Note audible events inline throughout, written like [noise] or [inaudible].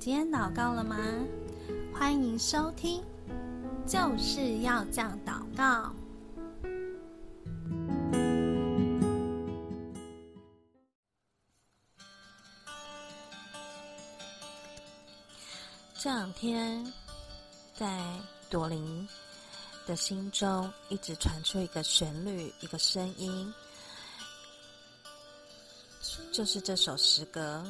今天禱告了嗎？歡迎收聽，就是要這樣禱告。這兩天，在朵琳的心中一直傳出一個旋律，一個聲音，就是這首詩歌。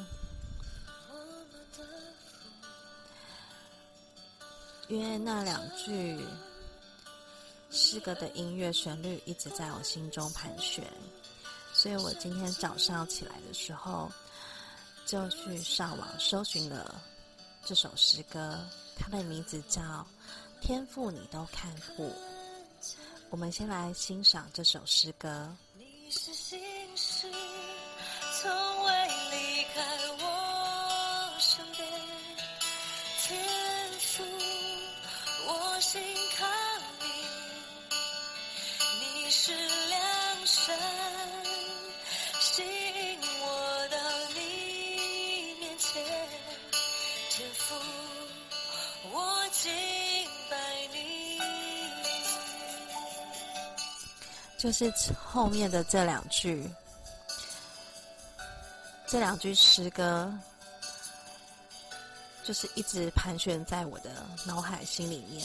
因為那兩句詩歌的音樂旋律一直在我心中盤旋，所以我今天早上起來的時候，就去上網搜尋了這首詩歌，它的名字叫《天父祢都看顧》。我們先來欣賞這首詩歌。就是後面的這兩句，這兩句詩歌，就是一直盤旋在我的腦海心裡面。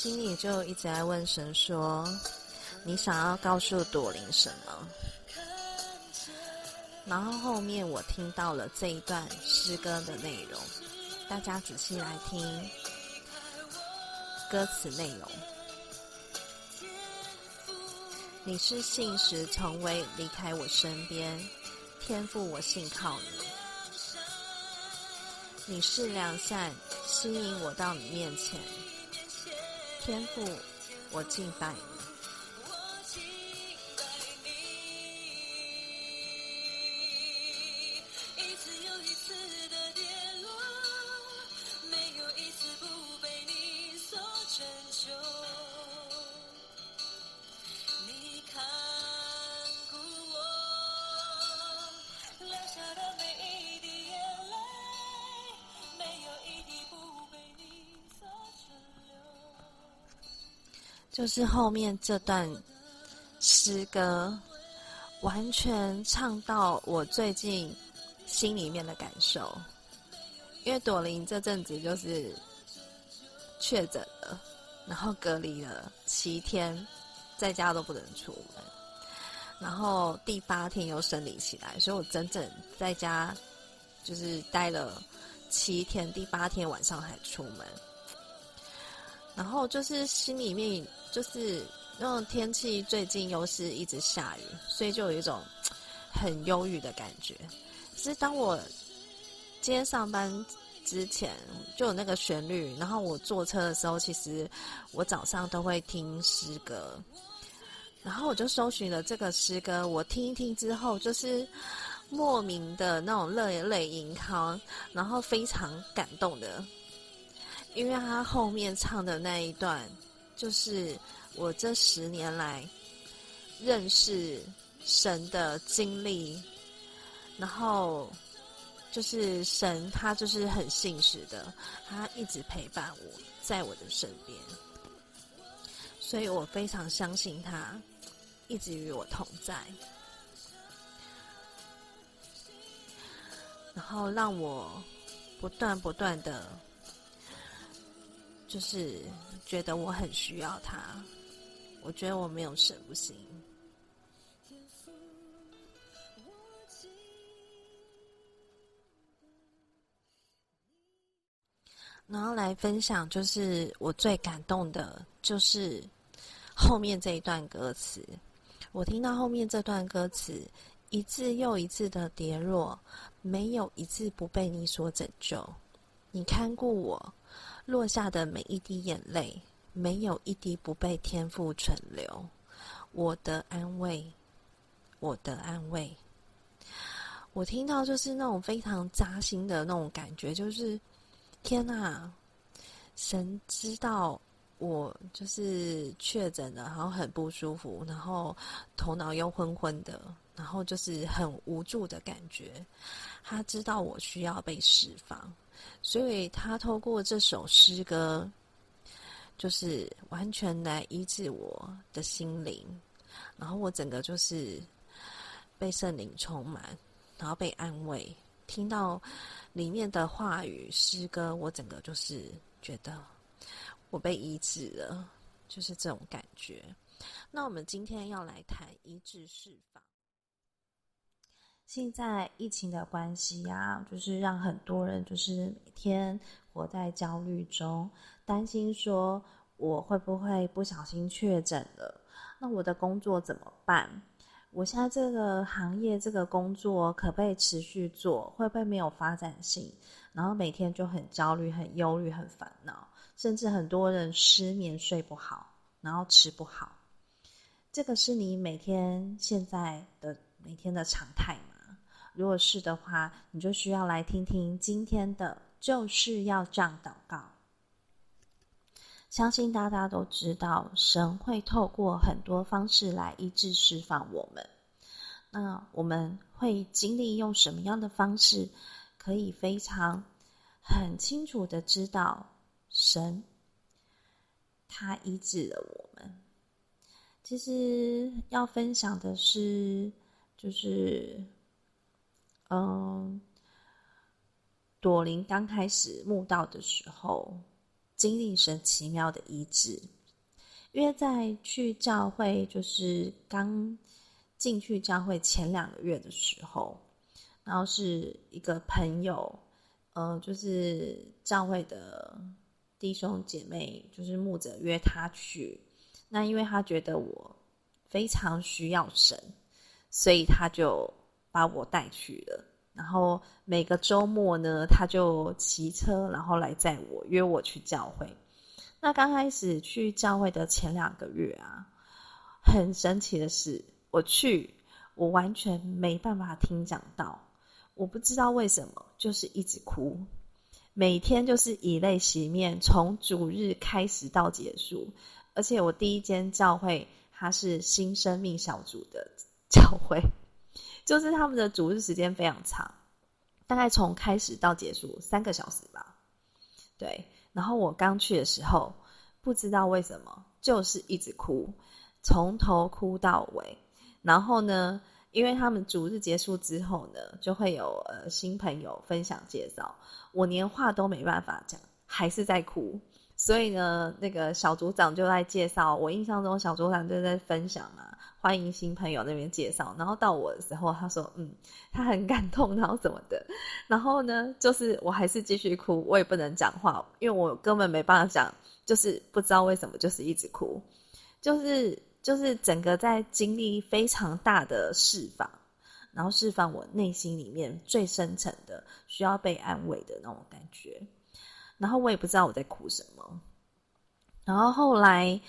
心裡就一直在問神說：“你想要告訴朵琳什麼？”然後後面我聽到了這一段詩歌的內容，大家仔細來聽歌詞內容。你是信實，從未離開我身邊；天父我信靠你。你是良善，吸引我到你面前。天父，我敬拜。就是後面這段詩歌，完全唱到我最近心裡面的感受。因為朵琳這陣子就是確診了，然後隔離了七天，在家都不能出門，然後第八天又生理起來，所以我整整在家就是待了七天，第八天晚上還出門。然後就是心裡面就是那種天氣最近又是一直下雨，所以就有一種很憂鬱的感覺。其實當我今天上班之前就有那個旋律，然後我坐車的時候，其實我早上都會聽詩歌。然後我就搜尋了這個詩歌，我聽一聽之後，就是莫名的那種熱淚盈眶，然後非常感動的。因為他後面唱的那一段，就是我這十年來認識神的經歷，然後就是神他就是很信實的，他一直陪伴我在我的身邊，所以我非常相信他，一直與我同在，然後讓我不斷不斷的。就是覺得我很需要他，我覺得我沒有神不行。然後來分享，就是我最感動的，就是後面這一段歌詞。我聽到後面這段歌詞，一次又一次的跌落，沒有一次不被你所拯救，你看顧我。落下的每一滴眼淚，沒有一滴不被天父存留。我的安慰，我的安慰。我聽到就是那種非常扎心的那種感覺，就是天哪，神知道我就是確診了，然後很不舒服，然後頭腦又昏昏的，然後就是很無助的感覺。他知道我需要被釋放。所以他透過這首詩歌，就是完全來醫治我的心靈，然後我整個就是被聖靈充滿，然後被安慰，聽到裡面的話語詩歌，我整個就是覺得我被醫治了，就是這種感覺。那我們今天要來談醫治釋放。現在疫情的關係啊，就是讓很多人就是每天活在焦慮中，擔心說我會不會不小心確診了？那我的工作怎麼辦？我現在這個行業這個工作可不可以持續做，會不會沒有發展性？然後每天就很焦慮、很憂慮、很煩惱，甚至很多人失眠、睡不好，然後吃不好。這個是你每天現在的每天的常態嘛？如果是的話，你就需要來聽聽今天的就是要這樣禱告。相信大家都知道，神會透過很多方式來醫治釋放我們。那我們會經歷用什麼樣的方式，可以非常很清楚的知道神他醫治了我們。其實要分享的是，就是。嗯，朵琳剛開始慕道的時候，經歷神奇妙的醫治。約在去教會，就是剛進去教會前兩個月的時候，然後是一個朋友，呃、嗯，就是教會的弟兄姐妹，就是牧者約他去。那因為他覺得我非常需要神，所以他就。把我帶去了，然後每個週末呢，他就騎車，然後來載我，約我去教會。那剛開始去教會的前兩個月啊，很神奇的是，我去，我完全沒辦法聽講道，我不知道為什麼，就是一直哭，每天就是以淚洗面，從主日開始到結束。而且我第一間教會，它是新生命小組的教會。就是他們的主日時間非常長，大概從開始到結束三個小時吧。對，然後我剛去的時候，不知道為什麼就是一直哭，從頭哭到尾。然後呢，因為他們主日結束之後呢，就會有呃新朋友分享介紹，我連話都沒辦法講，還是在哭。所以呢，那個小組長就在介紹，我印象中小組長就在分享嘛。歡迎新朋友那邊介紹，然後到我的時候，他說：“嗯，他很感動，然後什麼的。”然後呢，就是我還是繼續哭，我也不能講話，因為我根本沒辦法講，就是不知道為什麼，就是一直哭，就是就是整個在經歷非常大的釋放，然後釋放我內心裡面最深層的需要被安慰的那種感覺，然後我也不知道我在哭什麼，然後後來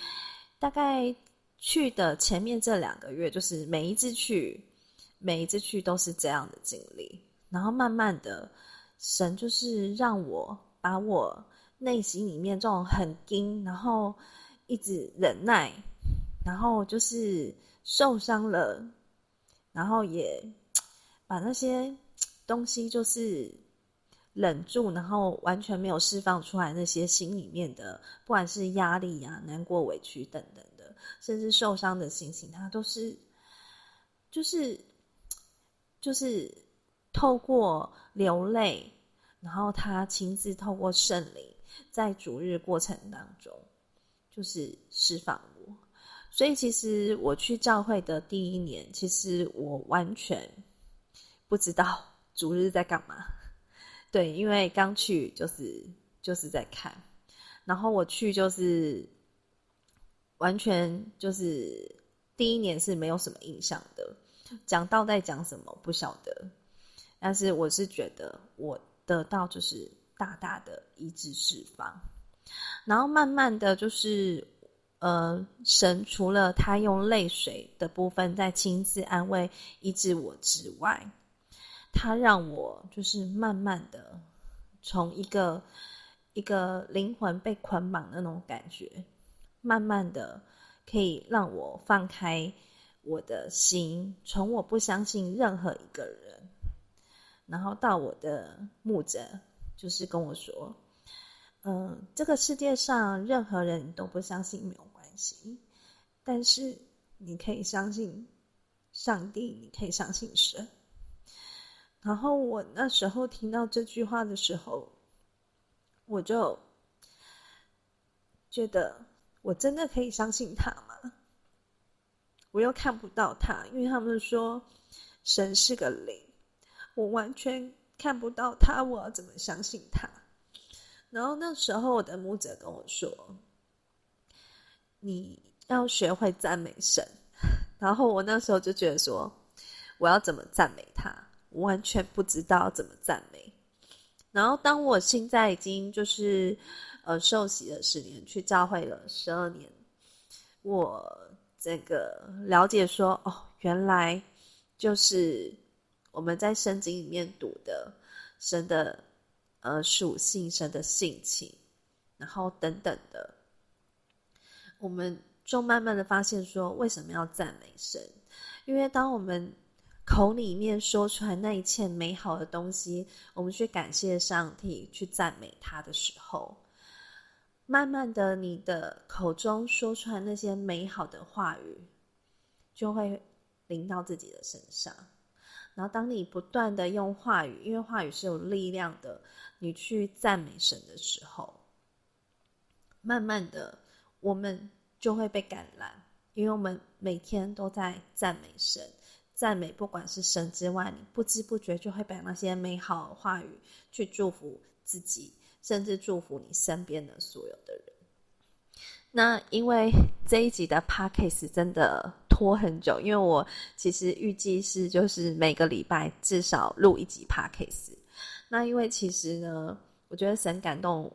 大概。去的前面這兩個月，就是每一次去，每一次去都是這樣的經歷。然後慢慢的，神就是讓我把我內心裡面這種很硬，然後一直忍耐，然後就是受傷了，然後也把那些東西就是忍住，然後完全沒有釋放出來那些心裡面的，不管是壓力啊、難過、委屈等等。甚至受傷的心情，他都是，就是，就是透過流淚，然後他親自透過聖靈，在主日過程當中，就是釋放我。所以其實我去教會的第一年，其實我完全不知道主日在幹嘛。對，因為剛去就是就是在看，然後我去就是。完全就是第一年是沒有什麼印象的，講到在講什麼不曉得，但是我是覺得我得到就是大大的醫治釋放，然後慢慢的就是呃神，除了他用淚水的部分在親自安慰醫治我之外，他讓我就是慢慢的從一個一個靈魂被捆綁的那種感覺。慢慢的，可以讓我放開我的心，從我不相信任何一個人，然後到我的牧者就是跟我說：“嗯，這個世界上任何人都不相信沒有關係，但是你可以相信上帝，你可以相信神。”然後我那時候聽到這句話的時候，我就覺得。我真的可以相信他嗎？我又看不到他，因為他們說神是個靈，我完全看不到他，我要怎麼相信他？然後那時候我的牧者跟我說，你要學會讚美神。然後我那時候就覺得說，我要怎麼讚美他？我完全不知道怎麼讚美。然後當我現在已經就是。呃，受洗了十年，去教會了十二年，我這個了解說哦，原來就是我們在聖經裡面讀的神的呃屬性、神的性情，然後等等的，我們就慢慢的發現說，為什麼要讚美神？因為當我們口裡面說出來那一切美好的東西，我們去感謝上帝、去讚美他的時候，慢慢的，你的口中說出來那些美好的話語，就會臨到自己的身上。然後，當你不斷的用話語，因為話語是有力量的，你去讚美神的時候，慢慢的，我們就會被感染，因為我們每天都在讚美神，讚美，不管是神之外，你不知不覺就會把那些美好的話語去祝福自己。甚至祝福你身邊的所有的人。那因為這一集的 Podcast 真的拖很久，因為我其實預計是就是每個禮拜至少錄一集 Podcast。那因為其實呢，我覺得神感動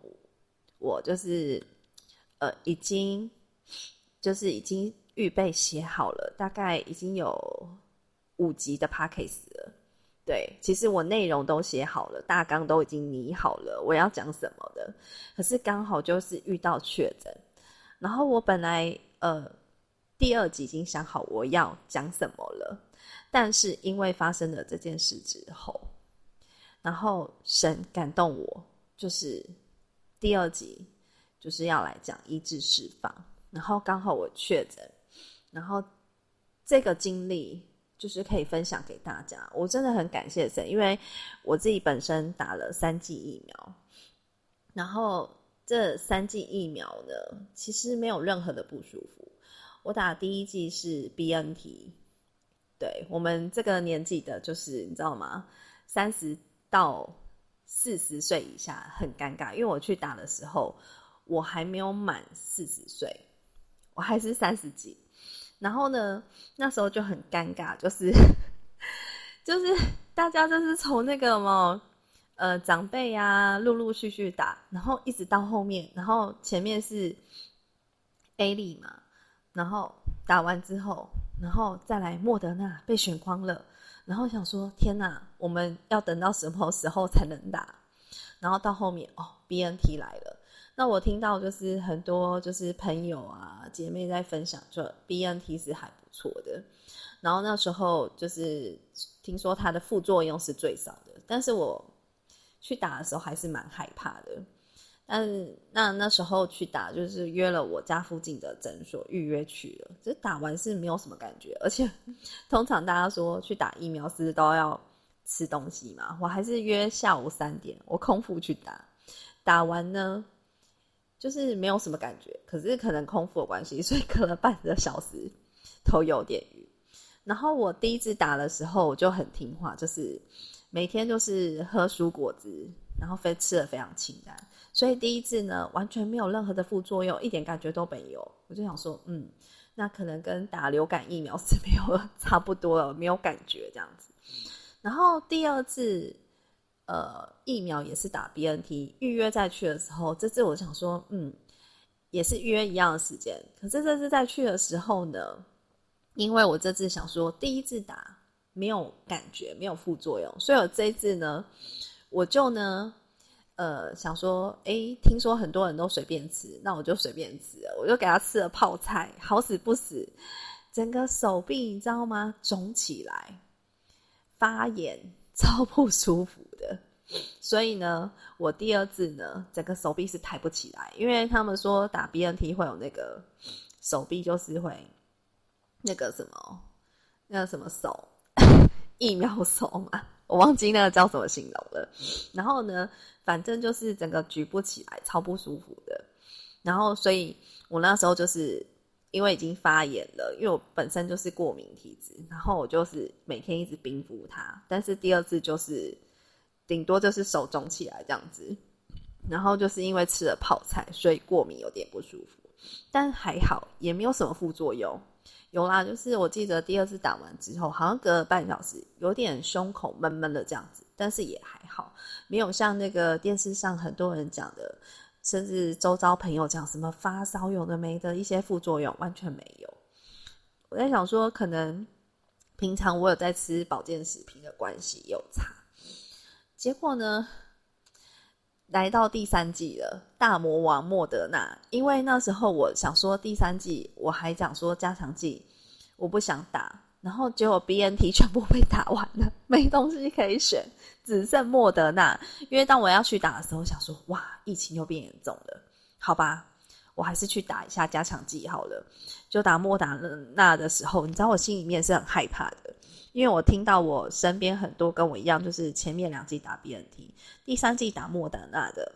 我，就是呃已經就是已經預備寫好了，大概已經有五集的 Podcast 了。對，其實我內容都寫好了，大綱都已經擬好了，我要講什麼的。可是剛好就是遇到確診，然後我本來呃第二集已經想好我要講什麼了，但是因為發生了這件事之後，然後神感動我，就是第二集就是要來講醫治釋放，然後剛好我確診，然後這個經歷。就是可以分享給大家，我真的很感謝神，因為我自己本身打了三劑疫苗，然後這三劑疫苗呢，其實沒有任何的不舒服。我打的第一劑是 BNT，對，我們這個年紀的，就是你知道嗎？三十到四十歲以下很尷尬，因為我去打的時候，我還沒有滿四十歲，我還是三十幾。然後呢，那時候就很尷尬，就是， [laughs] 就是大家就是從那個什麼，呃，長輩啊，陸陸續續打，然後一直到後面，然後前面是 A 力嘛，然後打完之後，然後再來莫德納被選光了，然後想說天哪，我們要等到什麼時候才能打？然後到後面哦，BNT 來了。那我聽到就是很多就是朋友啊姐妹在分享，就 BNT 是還不錯的，然後那時候就是聽說它的副作用是最少的，但是我去打的時候還是蠻害怕的。但是那那時候去打，就是約了我家附近的診所預約去了，就打完是沒有什麼感覺，而且通常大家說去打疫苗是都要吃東西嘛，我還是約下午三點我空腹去打，打完呢。就是沒有什麼感覺，可是可能空腹的關係，所以隔了半個小時都有點暈。然後我第一次打的時候，我就很聽話，就是每天就是喝蔬果汁，然後非吃得非常清淡，所以第一次呢完全沒有任何的副作用，一點感覺都沒有。我就想說，嗯，那可能跟打流感疫苗是沒有差不多了，沒有感覺這樣子。然後第二次。呃，疫苗也是打 BNT，預約再去的時候，這次我想說，嗯，也是預約一樣的時間。可是這次再去的時候呢，因為我這次想說第一次打沒有感覺，沒有副作用，所以我這一次呢，我就呢，呃，想說，誒，聽說很多人都隨便吃，那我就隨便吃了，我就給他吃了泡菜，好死不死，整個手臂你知道嗎？腫起來，發炎，超不舒服。所以呢，我第二次呢，整個手臂是抬不起來，因為他們說打 BNT 會有那個手臂，就是會那個什麼，那個什麼手 [laughs] 疫苗手嘛，我忘記那個叫什麼形容了。然後呢，反正就是整個舉不起來，超不舒服的。然後，所以我那時候就是因為已經發炎了，因為我本身就是過敏體質，然後我就是每天一直冰敷它。但是第二次就是。頂多就是手腫起來這樣子，然後就是因為吃了泡菜，所以過敏有點不舒服，但還好也沒有什麼副作用。有啦，就是我記得第二次打完之後，好像隔了半小時，有點胸口悶悶的這樣子，但是也還好，沒有像那個電視上很多人講的，甚至周遭朋友講什麼發燒、有的沒的一些副作用完全沒有。我在想說，可能平常我有在吃保健食品的關係有差。結果呢，來到第三劑了，大魔王莫德納。因為那時候我想說第三劑我還想說加強劑，我不想打。然後結果 BNT 全部被打完了，沒東西可以選，只剩莫德納。因為當我要去打的時候，我想說哇，疫情又變嚴重了，好吧，我還是去打一下加強劑好了。就打莫德納的時候，你知道我心裡面是很害怕的。因為我聽到我身邊很多跟我一樣，就是前面兩季打 BNT，第三季打莫德納的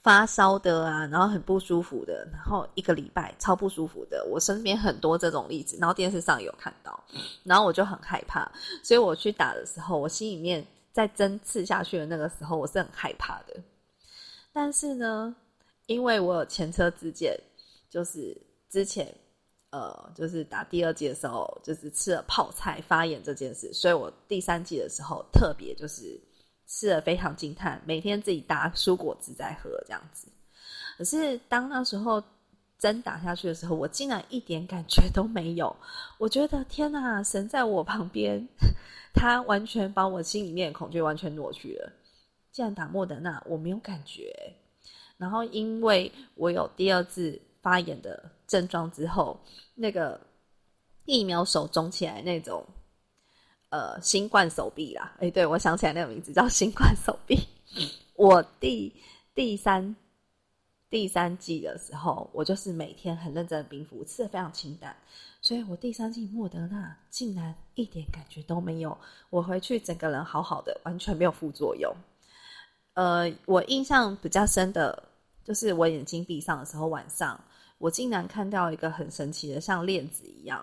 發燒的啊，然後很不舒服的，然後一個禮拜超不舒服的。我身邊很多這種例子，然後電視上有看到，然後我就很害怕，所以我去打的時候，我心裡面在針刺下去的那個時候，我是很害怕的。但是呢，因為我有前車之鑑，就是之前。呃，就是打第二劑的時候，就是吃了泡菜發炎這件事，所以我第三劑的時候特別就是吃得非常驚嘆，每天自己打蔬果汁在喝這樣子。可是當那時候針打下去的時候，我竟然一點感覺都沒有。我覺得天哪，神在我旁邊，他完全把我心裡面的恐懼完全挪去了。竟然打莫德納，我沒有感覺、欸。然後因為我有第二次。發炎的症狀之後，那個疫苗手腫起來那種，呃，新冠手臂啦，哎，對，我想起來那個名字叫新冠手臂。 [laughs] 我第第三第三劑的時候，我就是每天很認真的冰敷，吃得非常清淡，所以我第三劑莫德納竟然一點感覺都沒有，我回去整個人好好的，完全沒有副作用。呃，我印象比較深的就是我眼睛閉上的時候，晚上。我竟然看到一個很神奇的，像鏈子一樣，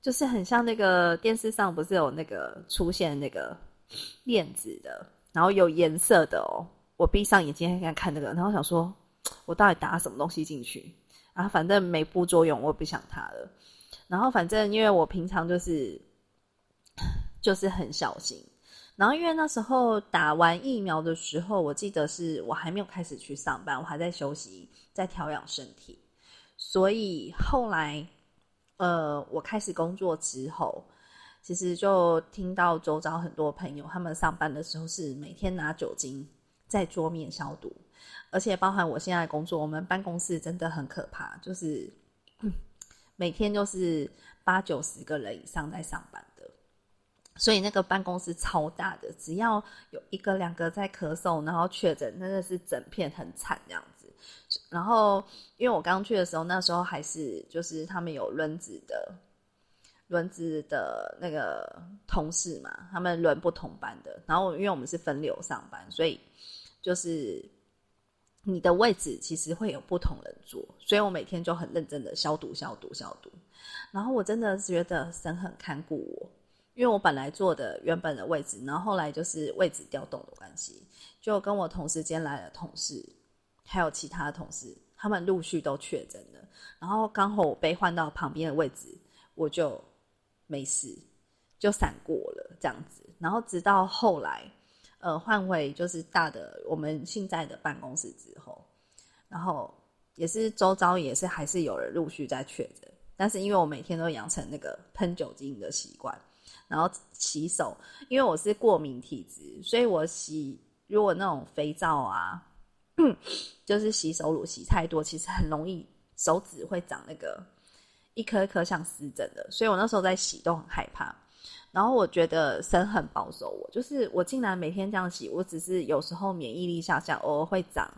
就是很像那個電視上不是有那個出現那個鏈子的，然後有顏色的哦。我閉上眼睛在看那個，然後我想說，我到底打什麼東西進去？然後啊，反正沒副作用，我也不想它了。然後反正因為我平常就是就是很小心。然後，因為那時候打完疫苗的時候，我記得是我還沒有開始去上班，我還在休息，在調養身體。所以後來，呃，我開始工作之後，其實就聽到周遭很多朋友，他們上班的時候是每天拿酒精在桌面消毒，而且包含我現在的工作，我們辦公室真的很可怕，就是，嗯，每天都是八九十個人以上在上班。所以那個辦公室超大的，只要有一個兩個在咳嗽，然後確診，真的是整片很慘這樣子。然後因為我剛去的時候，那時候還是就是他們有輪值的，輪值的那個同事嘛，他們輪不同班的。然後因為我們是分流上班，所以就是你的位置其實會有不同人坐，所以我每天就很認真的消毒消毒消毒。然後我真的覺得神很看顧我。因為我本來坐的原本的位置，然後後來就是位置調動的關係，就跟我同時間來的同事，還有其他的同事，他們陸續都確診了。然後剛好我被換到旁邊的位置，我就沒事，就閃過了這樣子。然後直到後來，呃，換位就是大的我們現在的辦公室之後，然後也是周遭也是還是有人陸續在確診，但是因為我每天都養成那個噴酒精的習慣。然後洗手，因為我是過敏體質，所以我洗如果那種肥皂啊，就是洗手乳洗太多，其實很容易手指會長那個一顆一顆像濕疹的。所以我那時候在洗都很害怕。然後我覺得神很保守我，就是我竟然每天這樣洗，我只是有時候免疫力下降，偶爾會長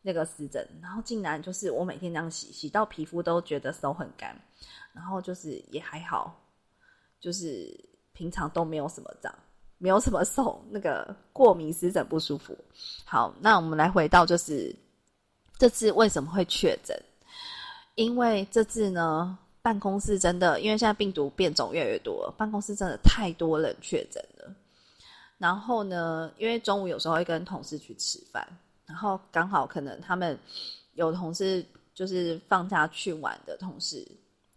那個濕疹。然後竟然就是我每天這樣洗，洗到皮膚都覺得手很乾，然後就是也還好，就是。平常都沒有什麼長，沒有什麼受那個過敏濕疹不舒服。好，那我們來回到就是這次為什麼會確診？因為這次呢，辦公室真的，因為現在病毒變種越來越多了，辦公室真的太多人確診了。然後呢，因為中午有時候會跟同事去吃飯，然後剛好可能他們有同事就是放假去玩的同事，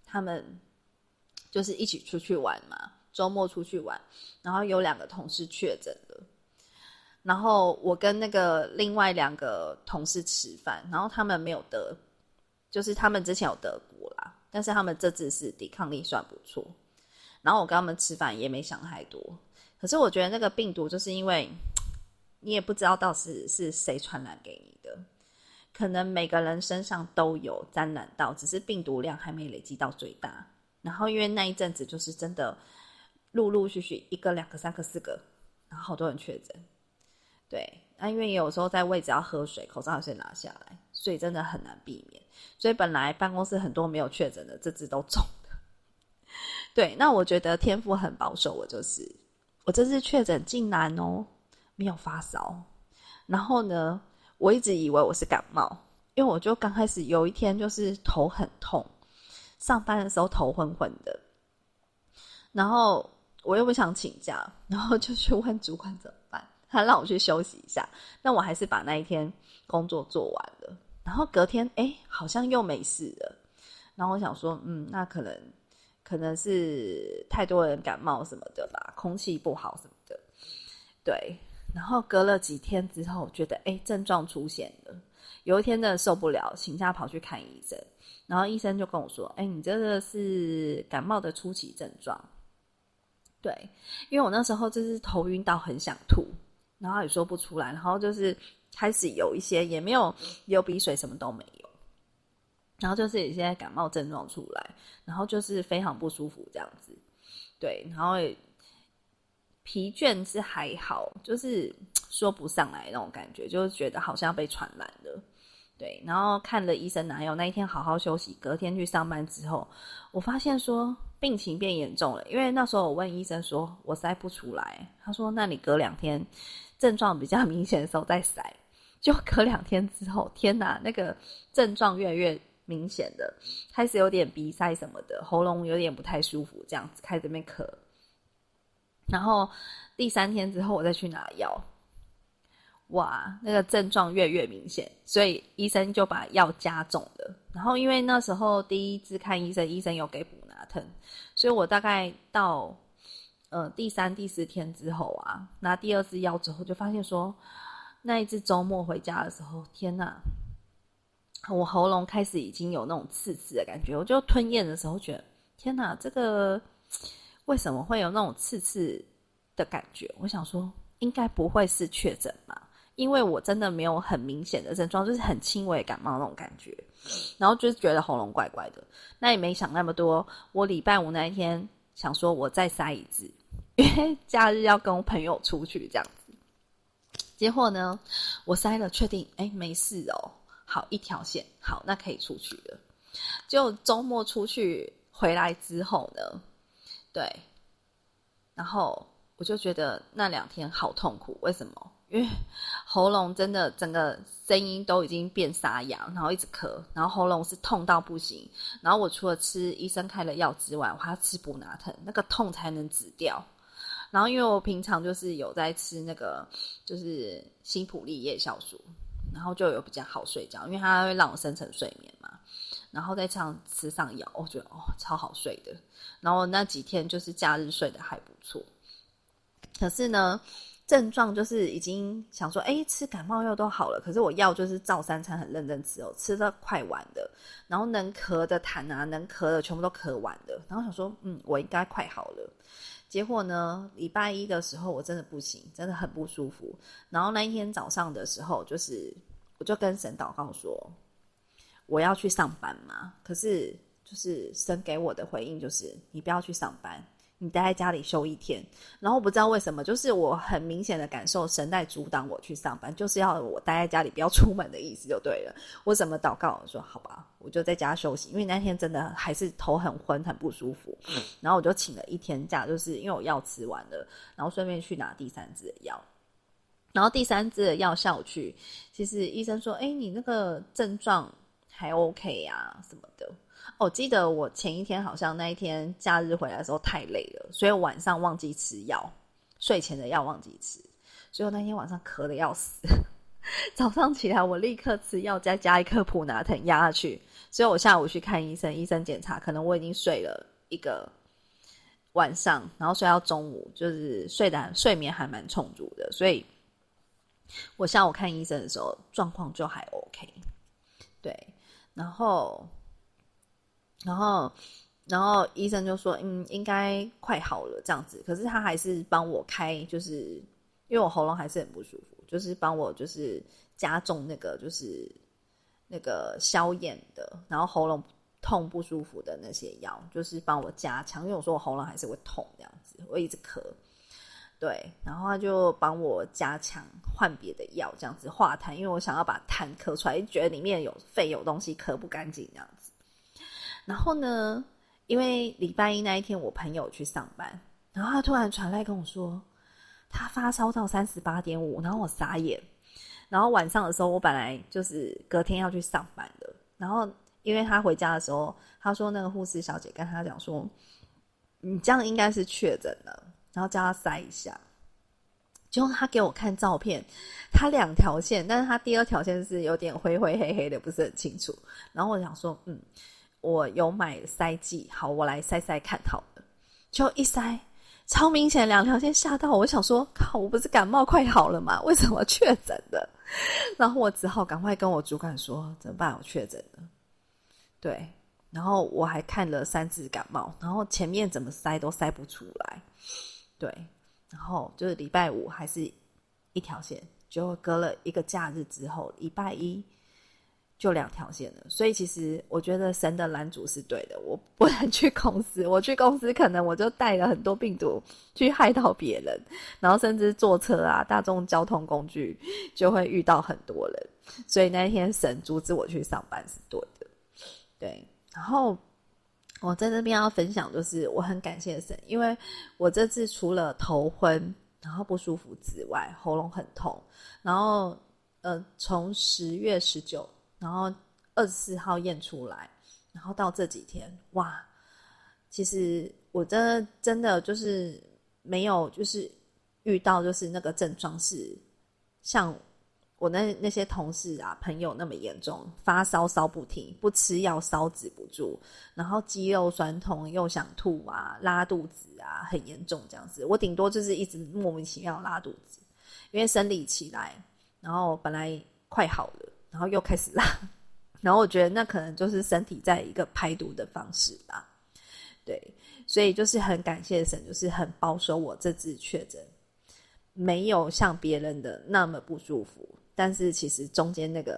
他們就是一起出去玩嘛。周末出去玩，然後有兩個同事確診了，然後我跟那個另外兩個同事吃飯，然後他們沒有得，就是他們之前有得過啦，但是他們這次是抵抗力算不錯，然後我跟他們吃飯也沒想太多，可是我覺得那個病毒就是因為，你也不知道到底是，是誰傳染給你的，可能每個人身上都有沾染到，只是病毒量還沒累積到最大，然後因為那一陣子就是真的。陸陸續續一個兩個三個四個，然後好多人確診，對，那、啊、因為也有時候在位置要喝水，口罩先拿下來，所以真的很難避免。所以本來辦公室很多沒有確診的，這次都中了。對，那我覺得天父很保守，我就是我這次確診竟然哦沒有發燒，然後呢，我一直以為我是感冒，因為我就剛開始有一天就是頭很痛，上班的時候頭昏昏的，然後。我又不想請假，然後就去問主管怎麼辦。他讓我去休息一下，那我還是把那一天工作做完了。然後隔天，哎，好像又沒事了。然後我想說，嗯，那可能可能是太多人感冒什麼的吧，空氣不好什麼的。對，然後隔了幾天之後，覺得哎，症狀出現了。有一天真的受不了，請假跑去看醫生，然後醫生就跟我說，哎，你這個是感冒的初期症狀。對，因為我那時候就是頭暈到很想吐，然後也說不出來，然後就是開始有一些，也沒有流鼻水，什麼都沒有，然後就是一些感冒症狀出來，然後就是非常不舒服這樣子。對，然後也疲倦是還好，就是說不上來那種感覺，就覺得好像要被傳染了。對，然後看了醫生男友，哪有那一天好好休息，隔天去上班之後，我發現說。病情變嚴重了，因為那時候我問醫生說我塞不出來，他說，那你隔兩天症狀比較明顯的時候再塞，就隔兩天之後，天哪，那個症狀越來越明顯的，開始有點鼻塞什麼的，喉嚨有點不太舒服，這樣子，開始在那邊咳，然後第三天之後我再去拿藥。哇，那個症狀越越明顯，所以醫生就把藥加重了。然後因為那時候第一次看醫生，醫生有給普拿疼，所以我大概到呃第三、第四天之後啊，拿第二次藥之後，就發現說，那一次周末回家的時候，天吶，我喉嚨開始已經有那種刺刺的感覺，我就吞咽的時候覺得，天吶，這個為什麼會有那種刺刺的感覺？我想說，應該不會是確診吧？因為我真的沒有很明顯的症狀，就是很輕微感冒那種感覺，然後就是覺得喉嚨怪怪的，那也沒想那麼多。我禮拜五那一天想說，我再塞一次，因為假日要跟我朋友出去這樣子。結果呢，我塞了，確定，哎，沒事哦，好一條線，好，那可以出去了。就周末出去回來之後呢，對，然後我就覺得那兩天好痛苦，為什麼？因為喉嚨真的整個聲音都已經變沙啞，然後一直咳，然後喉嚨是痛到不行。然後我除了吃醫生開的藥之外，還要吃普拿疼，那個痛才能止掉。然後因為我平常就是有在吃那個就是新普利夜酵素，然後就有比較好睡覺，因為它會讓我深層睡眠嘛。然後再這樣吃上藥，我覺得哦超好睡的。然後那幾天就是假日睡得還不錯，可是呢。症狀就是已經想說，哎，吃感冒藥都好了，可是我藥就是照三餐很認真吃哦，吃得快完的，然後能咳的痰啊，能咳的全部都咳完了，然後想說，嗯，我應該快好了。結果呢，禮拜一的時候我真的不行，真的很不舒服。然後那一天早上的時候，就是我就跟神禱告說，我要去上班嘛。可是就是神給我的回應就是，你不要去上班。你待在家裡休一天，然後不知道為什麼，就是我很明顯的感受神在阻擋我去上班，就是要我待在家裡不要出門的意思，就對了。我怎麼禱告？我說好吧，我就在家休息，因為那天真的還是頭很昏，很不舒服。然後我就請了一天假，就是因為我藥吃完了，然後順便去拿第三支的藥。然後第三支的藥下午去，其實醫生說，哎，你那個症狀。還 OK 啊，什麼的。我、oh, 記得我前一天好像那一天假日回來的時候太累了，所以我晚上忘記吃藥，睡前的藥忘記吃，所以我那天晚上咳得要死。 [laughs] 早上起來我立刻吃藥，再加一顆普拿疼壓下去。所以我下午去看醫生，醫生檢查，可能我已經睡了一個晚上，然後睡到中午，就是睡的睡眠還蠻充足的，所以我下午看醫生的時候狀況就還 OK。對。然後，然後，然後醫生就說：“嗯，應該快好了這樣子。”可是他還是幫我開，就是因為我喉嚨還是很不舒服，就是幫我就是加重那個就是那個消炎的，然後喉嚨痛不舒服的那些藥，就是幫我加強，因為我說我喉嚨還是會痛這樣子，我一直咳。對，然後他就幫我加強，換別的藥，這樣子化痰，因為我想要把痰咳出來，覺得裡面有肺有東西咳不乾淨這樣子。然後呢，因為禮拜一那一天我朋友去上班，然後他突然傳來跟我說，他發燒到三十八點五，然後我傻眼。然後晚上的時候，我本來就是隔天要去上班的，然後因為他回家的時候，他說那個護士小姐跟他講說，你這樣應該是確診了。然後叫他篩一下，就他給我看照片，他兩條線，但是他第二條線是有點灰灰黑黑黑的，不是很清楚。然後我想說，嗯，我有買篩劑，好，我來篩篩看，好的。就一篩，超明顯兩條線，嚇到我，想說，靠，我不是感冒快好了嗎？為什麼確診的？然後我只好趕快跟我主管說，怎麼辦？我確診了。對，然後我還看了三次感冒，然後前面怎麼篩都篩不出來。對，然後就是禮拜五還是一條線，就隔了一個假日之後，禮拜一就兩條線了。所以其實我覺得神的攔阻是對的，我不能去公司，我去公司可能我就帶了很多病毒去害到別人，然後甚至坐車啊，大眾交通工具就會遇到很多人。所以那一天神阻止我去上班是對的。對，然後。我在那邊要分享，就是我很感謝神，因為我這次除了頭昏，然後不舒服之外，喉嚨很痛，然後呃，從十月十九，然後二十四號驗出來，然後到這幾天，哇，其實我真的真的就是沒有，就是遇到就是那個症狀是像。我那那些同事啊、朋友那麼嚴重，發燒燒不停，不吃藥燒止不住，然後肌肉酸痛又想吐啊，拉肚子啊，很嚴重這樣子。我頂多就是一直莫名其妙拉肚子，因為生理期來，然後本來快好了，然後又開始拉，然後我覺得那可能就是身體在一個排毒的方式吧。對，所以就是很感謝神，就是很保守我這次確診，沒有像別人的那麼不舒服。但是其實中間那個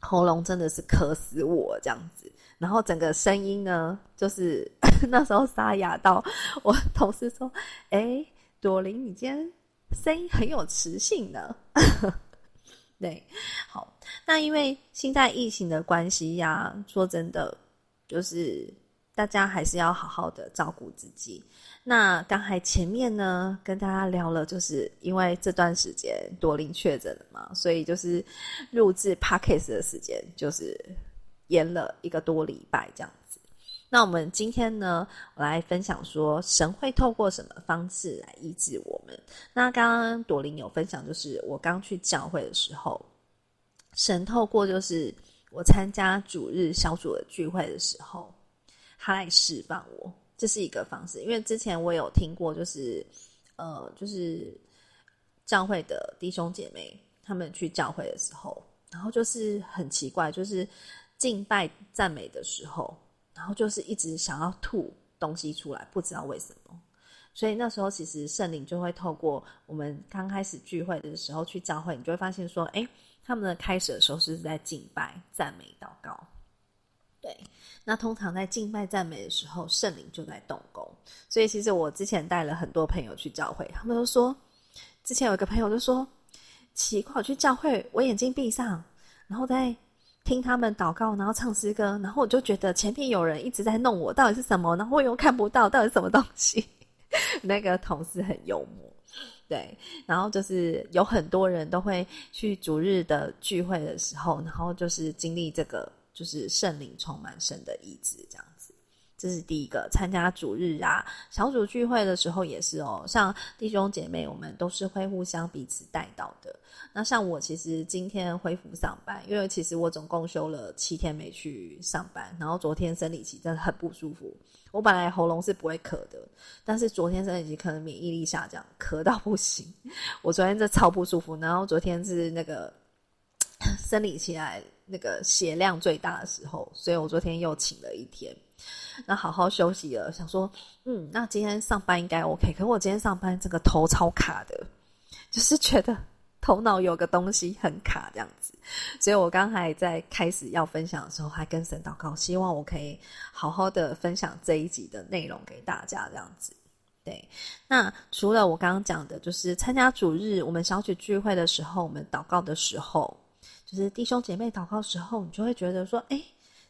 喉嚨真的是咳死我這樣子，然後整個聲音呢，就是 [laughs] 那時候沙啞到我同事說：“哎，朵琳，你今天聲音很有磁性的。 [laughs] ”對，好，那因為現在疫情的關係呀，說真的，就是大家還是要好好的照顧自己。那剛才前面呢，跟大家聊了，就是因為這段時間朵琳確診了嘛，所以就是錄製 Podcast 的時間就是延了一個多禮拜這樣子。那我們今天呢，我來分享說神會透過什麼方式來醫治我們？那剛剛朵琳有分享，就是我剛去教會的時候，神透過就是我參加主日小組的聚會的時候，他來釋放我。這是一個方式，因為之前我有聽過，就是，呃，就是教會的弟兄姐妹他們去教會的時候，然後就是很奇怪，就是敬拜讚美的時候，然後就是一直想要吐東西出來，不知道為什麼。所以那時候其實聖靈就會透過我們剛開始聚會的時候去教會，你就會發現說，哎，他們的開始的時候是在敬拜、讚美、禱告。對，那通常在敬拜讚美的時候，聖靈就在動工。所以其實我之前帶了很多朋友去教會，他們都說，之前有一個朋友就說，奇怪，我去教會，我眼睛閉上，然後在聽他們禱告，然後唱詩歌，然後我就覺得前面有人一直在弄我，到底是什麼？然後我又看不到到底是什麼東西。 [laughs] 那個同事很幽默，對，然後就是有很多人都會去主日的聚會的時候，然後就是經歷這個。就是聖靈充滿神的意志，這樣子，這是第一個。參加主日啊，小組聚會的時候也是哦。像弟兄姐妹，我們都是會互相彼此代禱的。那像我，其實今天恢復上班，因為其實我總共休了七天沒去上班。然後昨天生理期真的很不舒服，我本來喉嚨是不會咳的，但是昨天生理期可能免疫力下降，咳到不行。我昨天這超不舒服，然後昨天是那個生理期來那個血量最大的時候，所以我昨天又請了一天，那好好休息了，想說，嗯，那今天上班應該 OK。可是我今天上班，這個頭超卡的，就是覺得頭腦有個東西很卡這樣子。所以我剛才在開始要分享的時候，還跟神禱告，希望我可以好好的分享這一集的內容給大家這樣子。對，那除了我剛剛講的，就是參加主日我們小組聚會的時候，我們禱告的時候。就是弟兄姐妹禱告時候，你就會覺得說，哎！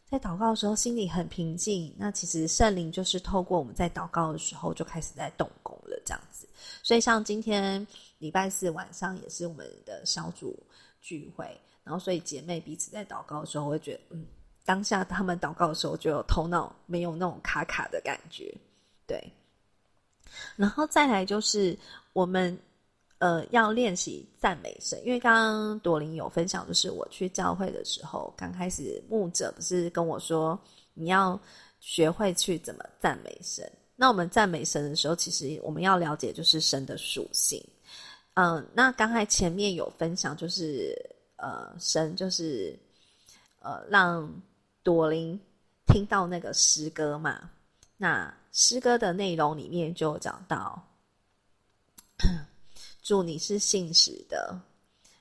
在禱告的時候心裡很平靜。那其實聖靈就是透過我們在禱告的時候就開始在動工了，這樣子。所以像今天禮拜四晚上也是我們的小組聚會，然後所以姐妹彼此在禱告的時候，會覺得嗯，當下他們禱告的時候就有頭腦沒有那種卡卡的感覺，對。然後再來就是我們。呃，要練習讚美神，因為剛剛朵琳有分享，就是我去教會的時候，剛開始牧者不是跟我說，你要學會去怎麼讚美神。那我們讚美神的時候，其實我們要了解就是神的屬性。嗯、呃，那剛才前面有分享，就是呃，神就是呃，讓朵琳聽到那個詩歌嘛。那詩歌的內容裡面就有講到。祝你是信實的，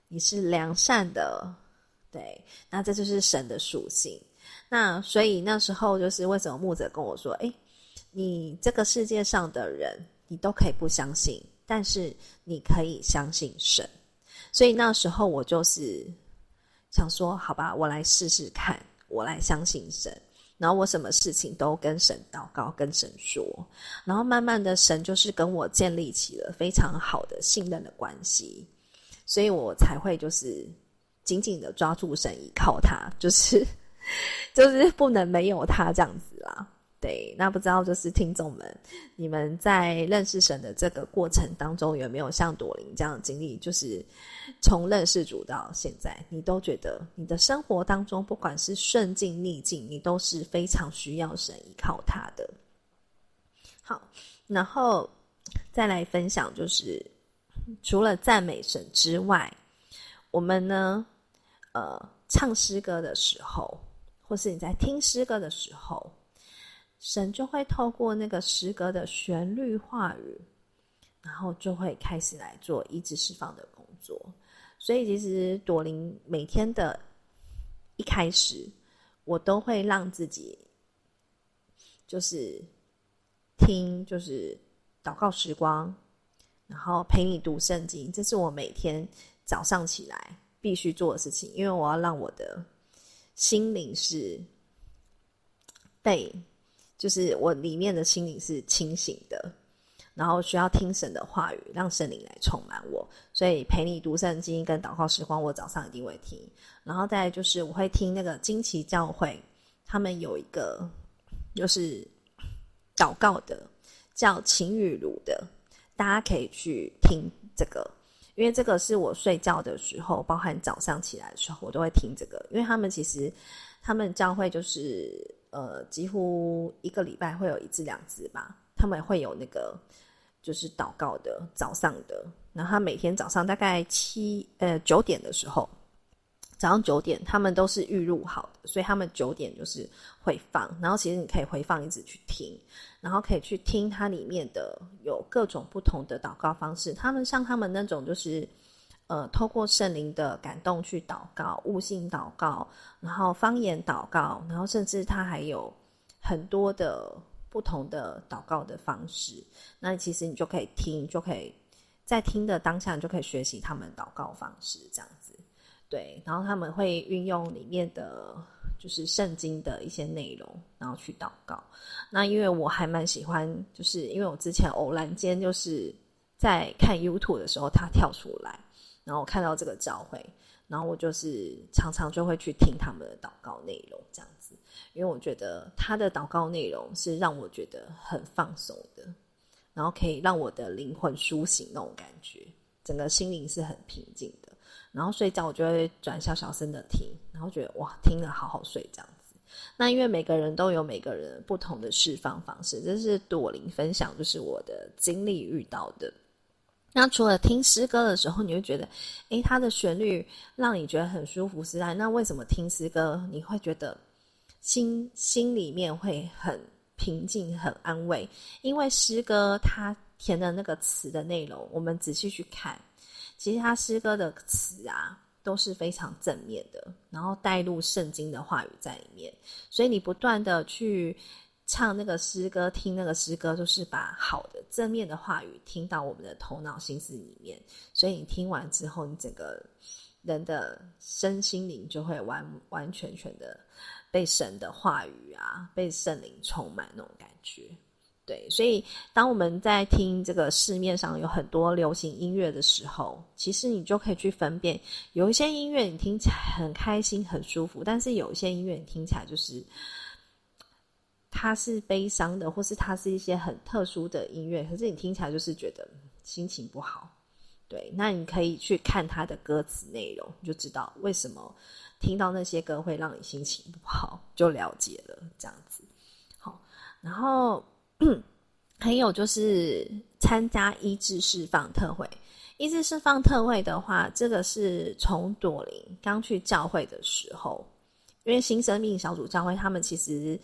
你是良善的，對，那這就是神的屬性。那所以那時候就是為什麼牧者跟我說：“哎，你這個世界上的人，你都可以不相信，但是你可以相信神。”所以那時候我就是想說：“好吧，我來試試看，我來相信神。”然後我什麼事情都跟神禱告，跟神說，然後慢慢的神就是跟我建立起了非常好的信任的關係，所以我才會就是緊緊的抓住神，依靠他，就是就是不能沒有他這樣子啦。對，那不知道就是聽眾們，你們在認識神的這個過程當中，有沒有像朵琳這樣的經歷？就是從認識主到現在，你都覺得你的生活當中，不管是順境逆境，你都是非常需要神依靠他的。好，然後再來分享，就是除了讚美神之外，我們呢，呃，唱詩歌的時候，或是你在聽詩歌的時候，神就會透過那個詩歌的旋律話語，然後就會開始來做醫治釋放的工作。所以，其實朵琳每天的一開始，我都會讓自己就是聽，就是禱告時光，然後陪你讀聖經。這是我每天早上起來必須做的事情，因為我要讓我的心靈是被。就是我裡面的心靈是清醒的，然後需要聽神的話語，讓聖靈來充滿我。所以陪你讀聖經跟禱告時光，我早上一定會聽。然後再來就是我會聽那個旌旗教會，他們有一個就是禱告的叫晴雨錄的，大家可以去聽這個，因為這個是我睡覺的時候，包含早上起來的時候，我都會聽這個。因為他們其實他們教會就是。呃，幾乎一個禮拜會有一至兩次吧。他們會有那個，就是禱告的早上的。然後他每天早上大概七呃九點的時候，早上九點他們都是預錄好的，所以他們九點就是會放。然後其實你可以回放一直去聽，然後可以去聽它裡面的有各種不同的禱告方式。他們像他們那種就是。呃，透過聖靈的感動，去禱告，悟性禱告，然後方言禱告，然後甚至他還有很多的不同的禱告的方式。那其實你就可以聽，就可以在聽的當下，你就可以學習他們禱告方式這樣子。對，然後他們會運用裡面的就是聖經的一些內容，然後去禱告。那因為我還蠻喜歡，就是因為我之前偶然間就是在看 YouTube 的時候，他跳出來。然後我看到這個教會，然後我就是常常就會去聽他們的禱告內容這樣子，因為我覺得他的禱告內容是讓我覺得很放鬆的，然後可以讓我的靈魂甦醒那種感覺，整個心靈是很平靜的。然後睡覺，我就會轉小小聲的聽，然後覺得哇，聽了好好睡這樣子。那因為每個人都有每個人不同的釋放方式，這是朵琳分享，就是我的經歷遇到的。那除了聽詩歌的時候，你會覺得，誒，它的旋律讓你覺得很舒服之外，那為什麼聽詩歌你會覺得心心裡面會很平靜、很安慰？因為詩歌它填的那個詞的內容，我們仔細去看，其實它詩歌的詞啊都是非常正面的，然後帶入聖經的話語在裡面，所以你不斷的去。唱那個詩歌，聽那個詩歌，就是把好的正面的話語聽到我們的頭腦心思裡面。所以你聽完之後，你整個人的身心靈就會完完全全的被神的話語啊，被聖靈充滿那種感覺。對，所以當我們在聽這個市面上有很多流行音樂的時候，其實你就可以去分辨，有一些音樂你聽起來很開心、很舒服，但是有一些音樂你聽起來就是。它是悲傷的，或是它是一些很特殊的音樂，可是你聽起來就是覺得心情不好。對，那你可以去看它的歌詞內容，你就知道為什麼聽到那些歌會讓你心情不好，就了解了這樣子。好，然後還、嗯、有就是參加醫治釋放特會。醫治釋放特會的話，這個是從朵琳剛去教會的時候，因為新生命小組教會他們其實。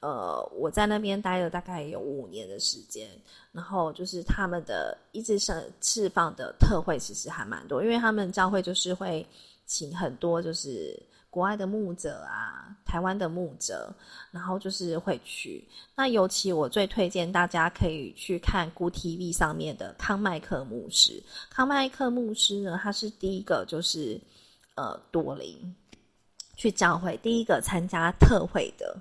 呃，我在那邊待了大概有五年的時間，然後就是他們的醫治釋放的特會其實還蠻多，因為他們教會就是會請很多就是國外的牧者啊，台灣的牧者，然後就是會去。那尤其我最推薦大家可以去看 GOOD TV 上面的康麥克牧師。康麥克牧師呢，他是第一個就是呃，朵琳去教會第一個參加特會的。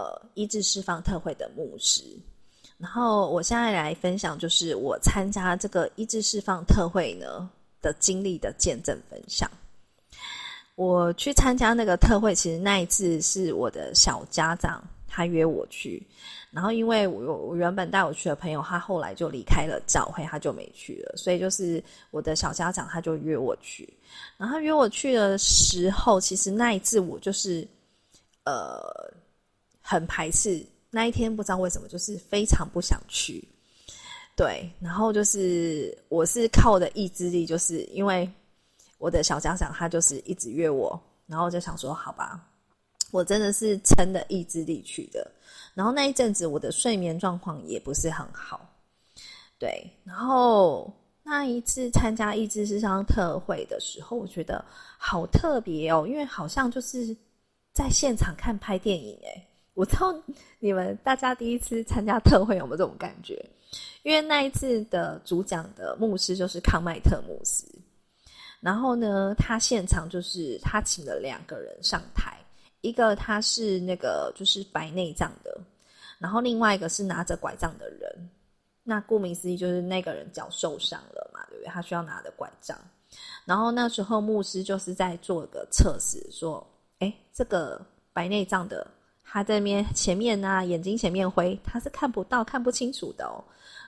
呃，醫治釋放特會的牧師，然後我現在來分享，就是我參加這個醫治釋放特會呢的經歷的見證分享。我去參加那個特會，其實那一次是我的小家長他約我去，然後因為我我原本帶我去的朋友，他後來就離開了教會，他就沒去了，所以就是我的小家長他就約我去，然後約我去的時候，其實那一次我就是呃。很排斥那一天，不知道為什麼，就是非常不想去。對，然後就是我是靠的意志力，就是因為我的小組長他就是一直約我，然後就想說好吧，我真的是撐的意志力去的。然後那一陣子我的睡眠狀況也不是很好，對。然後那一次參加醫治釋放特會的時候，我覺得好特別哦，因為好像就是在現場看拍電影哎、欸。我知道你們大家第一次參加特會有沒有這種感覺？因為那一次的主講的牧師就是康麥特牧師，然後呢，他現場就是他請了兩個人上台，一個他是那個就是白內障的，然後另外一個是拿着拐杖的人。那顧名思義就是那個人腳受傷了嘛，對不對？他需要拿着拐杖。然後那時候牧師就是在做一個測試，說：“哎，這個白內障的。”他在面前面啊，眼睛前面灰，他是看不到、看不清楚的哦。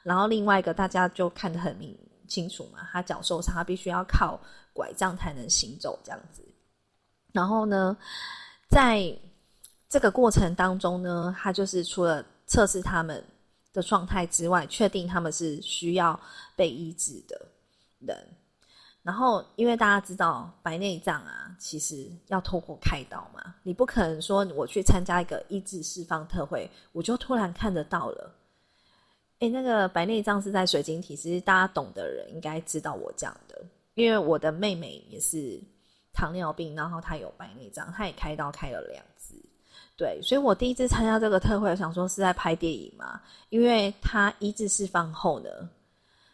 然後另外一個，大家就看得很明清楚嘛。他腳受傷，他必須要靠拐杖才能行走這樣子。然後呢，在這個過程當中呢，他就是除了測試他們的狀態之外，確定他們是需要被醫治的人。然後，因為大家知道白內障啊，其實要透過開刀嘛，你不可能說我去參加一個醫治釋放特會，我就突然看得到了。哎、欸，那個白內障是在水晶體，其實大家懂的人應該知道我這樣的，因為我的妹妹也是糖尿病，然後她有白內障，她也開刀開了兩次。對，所以我第一次參加這個特會，我想說是在拍電影嘛，因為她醫治釋放後呢。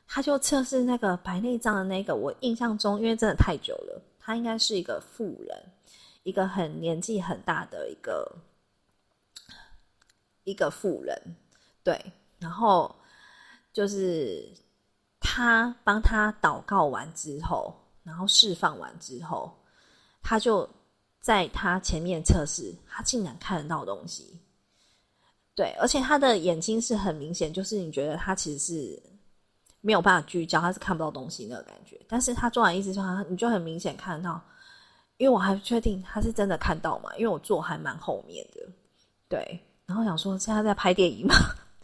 他就測試那個白內障的那個，我印象中，因為真的太久了，他應該是一個婦人，一個很年紀很大的一個一個婦人，對。然後就是他幫他禱告完之後，然後釋放完之後，他就在他前面測試，他竟然看得到東西，對，而且他的眼睛是很明顯，就是你覺得他其實是。沒有辦法聚焦，他是看不到東西那個感覺。但是他做完一次之後，你就很明顯看到，因為我還不確定他是真的看到嘛，因為我坐還蠻後面的。對，然後想說，現在在拍電影嘛，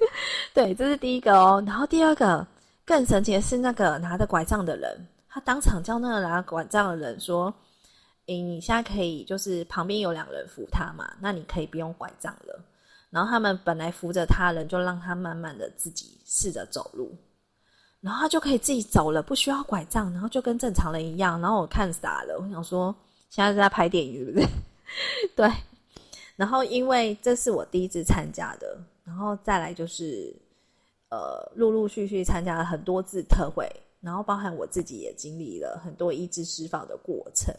[laughs] 對，這是第一個哦。然後第二個更神奇的是，那個拿着拐杖的人，他當場叫那個拿着拐杖的人說誒：“你現在可以就是旁邊有兩人扶他嘛，那你可以不用拐杖了。”然後他們本來扶着他人，就讓他慢慢的自己試着走路。然後他就可以自己走了，不需要拐杖，然後就跟正常人一樣。然後我看傻了，我想說，現在是在拍電影，是不是？ [laughs] 對。然後，因為這是我第一次參加的，然後再來就是，呃，陸陸續續參加了很多次特會，然後包含我自己也經歷了很多醫治釋放的過程。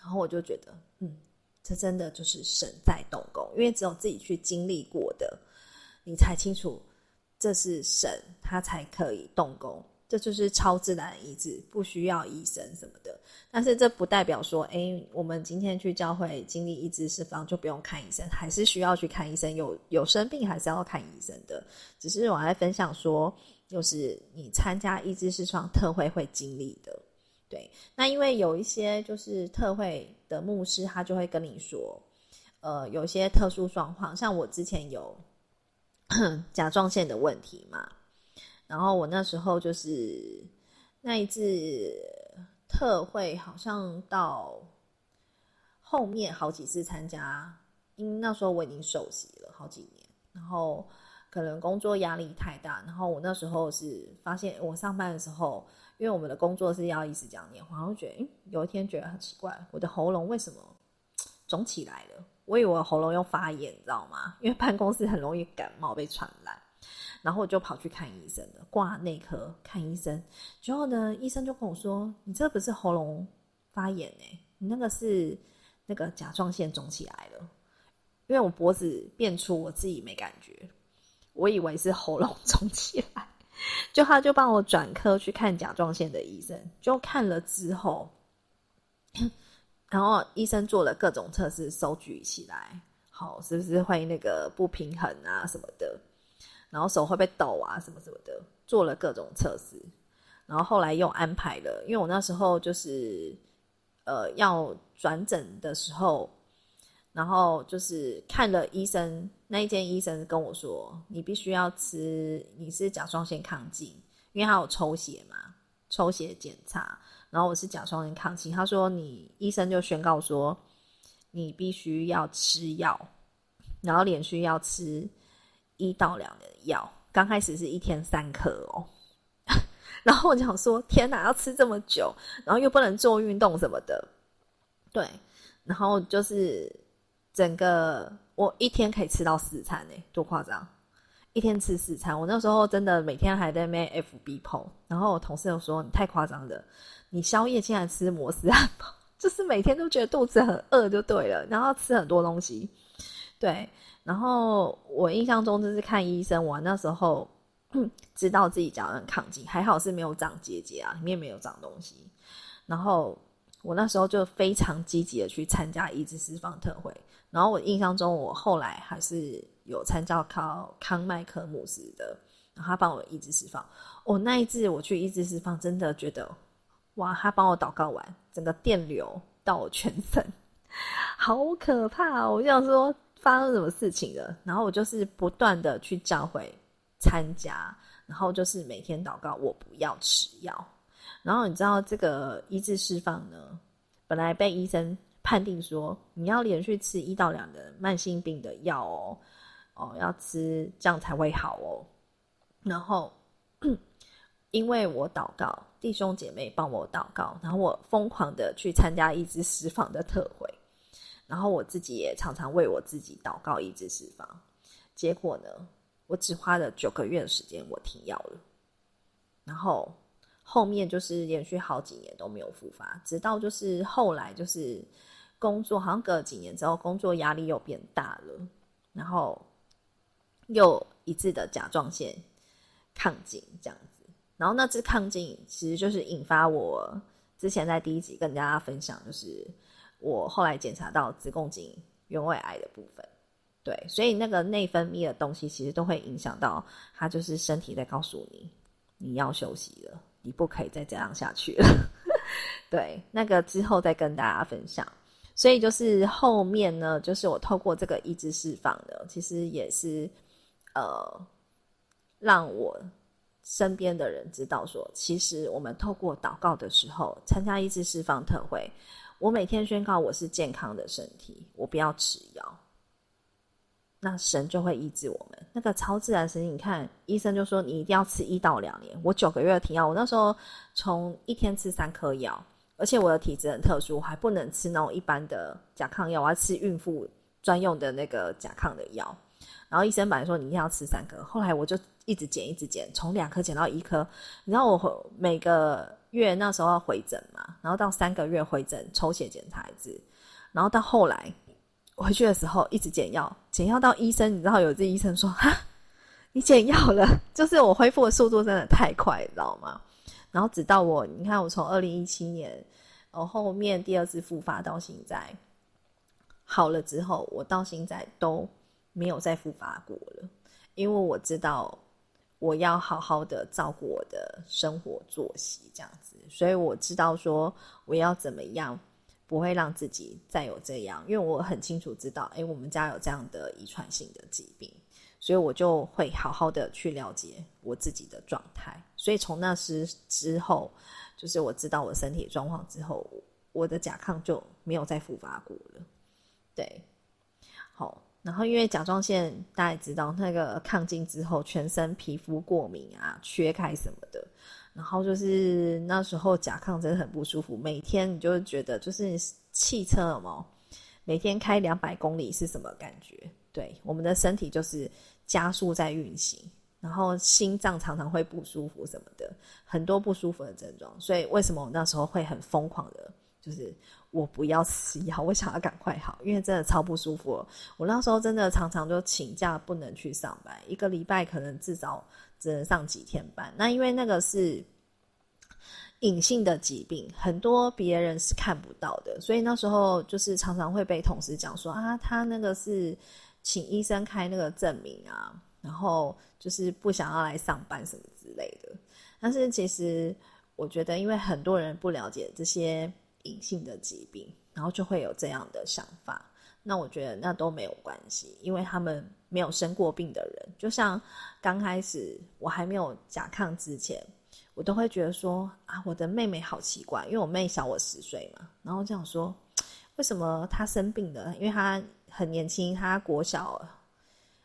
然後我就覺得，嗯，這真的就是神在動工，因為只有自己去經歷過的，你才清楚。這是神，他才可以動工。這就是超自然醫治，不需要醫生什麼的。但是這不代表說，哎、欸，我們今天去教會經歷醫治釋放，就不用看醫生，還是需要去看醫生。有有生病，還是要看醫生的。只是我還在分享說，就是你參加醫治釋放特會會經歷的。對，那因為有一些就是特會的牧師，他就會跟你說，呃，有一些特殊狀況，像我之前有。 [coughs] 甲狀腺的問題嘛，然後我那時候就是那一次特會，好像到後面好幾次參加，因為那時候我已經受洗了好幾年，然後可能工作壓力太大，然後我那時候是發現我上班的時候，因為我們的工作是要一直講電話，然後覺得，有一天覺得很奇怪，我的喉嚨為什麼腫起來了？我以為喉嚨又發炎，你知道嗎？因為辦公室很容易感冒被傳染，然後我就跑去看醫生了，掛內科看醫生。之後呢，醫生就跟我說：“你這不是喉嚨發炎誒、欸，你那個是那個甲狀腺腫起來了。”因為我脖子變粗，我自己沒感覺，我以為是喉嚨腫起來，就他就幫我轉科去看甲狀腺的醫生，就看了之後。 [coughs] 然後醫生做了各種測試，手舉起來，好，是不是會那個不平衡啊什麼的？然後手會不會抖啊什麼什麼的？做了各種測試，然後後來又安排了，因為我那時候就是呃要轉診的時候，然後就是看了醫生，那一天醫生跟我說：“你必須要吃，你是甲狀腺亢進，因為他有抽血嘛，抽血檢查。”然後我是甲狀腺亢進，他說你醫生就宣告說你必須要吃藥，然後連續要吃一到兩年的藥，剛開始是一天三顆哦。 [laughs] 然後我就想說天哪，要吃這麼久，然後又不能做運動什麼的，對，然後就是整個我一天可以吃到四餐呢、欸，多誇張！一天吃四餐，我那時候真的每天還在咩 FB po。然後我同事就說你太誇張了。你宵夜竟然吃摩斯漢、啊、堡， [laughs] 就是每天都覺得肚子很餓就對了，然後吃很多東西，對。然後我印象中就是看醫生，我那時候、嗯、知道自己腳很亢進，還好是沒有長結節啊，裡面沒有長東西。然後我那時候就非常積極的去參加醫治釋放特會。然後我印象中，我後來還是有參加靠康麥克姆斯的，然後他幫我醫治釋放。我、哦、那一次我去醫治釋放，真的覺得。哇！他幫我禱告完，整個電流到我全身，好可怕、哦！我就想說發生什麼事情了。然後我就是不斷的去教會參加，然後就是每天禱告，我不要吃藥。然後你知道這個醫治釋放呢，本來被醫生判定說你要連續吃一到兩個的慢性病的藥哦，哦要吃這樣才會好哦。然後。 [coughs] 因為我禱告，弟兄姐妹幫我禱告，然後我瘋狂的去參加醫治釋放的特會，然後我自己也常常為我自己禱告，醫治釋放。結果呢，我只花了九個月的時間，我停藥了。然後後面就是連續好幾年都沒有復發，直到就是後來就是工作，好像隔了幾年之後，工作壓力又變大了，然後又一次的甲狀腺亢進這樣。然後那甲亢，其實就是引發我之前在第一集跟大家分享，就是我後來檢查到子宮頸原位癌的部分。對，所以那個內分泌的東西，其實都會影響到它，就是身體在告訴你，你要休息了，你不可以再這樣下去了。 [laughs] 對，那個之後再跟大家分享。所以就是後面呢，就是我透過這個醫治釋放的，其實也是呃，讓我。身邊的人知道說，其實我們透過禱告的時候，參加醫治釋放特會，我每天宣告我是健康的身體，我不要吃藥，那神就會醫治我們。那個超自然神，你看醫生就說你一定要吃一到兩年。我九個月停藥，我那時候從一天吃三顆藥，而且我的體質很特殊，我還不能吃那種一般的甲亢藥，我要吃孕婦專用的那個甲亢的藥。然後醫生本來說你一定要吃三顆，後來我就。一直減，一直減，從兩顆減到一顆。然後我每個月那時候要回診嘛，然後到三個月回診抽血檢查一次。然後到後來回去的時候，一直減藥，減藥到醫生，你知道有一醫生說：“哈，你減藥了。”就是我恢復的速度真的太快，你知道嗎？然後直到我，你看我從二零一七年，我後面第二次復發到現在好了之後，我到現在都沒有再復發過了，因為我知道。我要好好的照顧我的生活作息，這樣子，所以我知道說我要怎麼樣，不會讓自己再有這樣，因為我很清楚知道，哎、欸，我們家有這樣的遺傳性的疾病，所以我就會好好的去了解我自己的狀態。所以從那時之後，就是我知道我身體狀況之後，我的甲亢就沒有再復發過了。對，好。然後，因為甲狀腺大家也知道，那個亢進，之後全身皮膚過敏啊、缺鈣什麼的。然後就是那時候甲亢真的很不舒服，每天你就會覺得就是汽車嘛，每天開兩百公里是什麼感覺？對，我們的身體就是加速在運行，然後心臟常常會不舒服什麼的，很多不舒服的症狀。所以為什麼我那時候會很瘋狂的，就是。我不要吃藥，我想要趕快好，因為真的超不舒服了。我那時候真的常常就請假，不能去上班，一個禮拜可能至少只能上幾天班。那因為那個是隱性的疾病，很多別人是看不到的，所以那時候就是常常會被同事講說啊，他那個是請醫生開那個證明啊，然後就是不想要來上班什麼之類的。但是其實我覺得，因為很多人不了解這些。隱性的疾病，然後就會有這樣的想法。那我覺得那都沒有關係，因為他們沒有生過病的人，就像剛開始我還沒有甲亢之前，我都會覺得說啊，我的妹妹好奇怪，因為我妹小我十歲嘛，然後這樣說，為什麼她生病了？因為她很年輕，她國小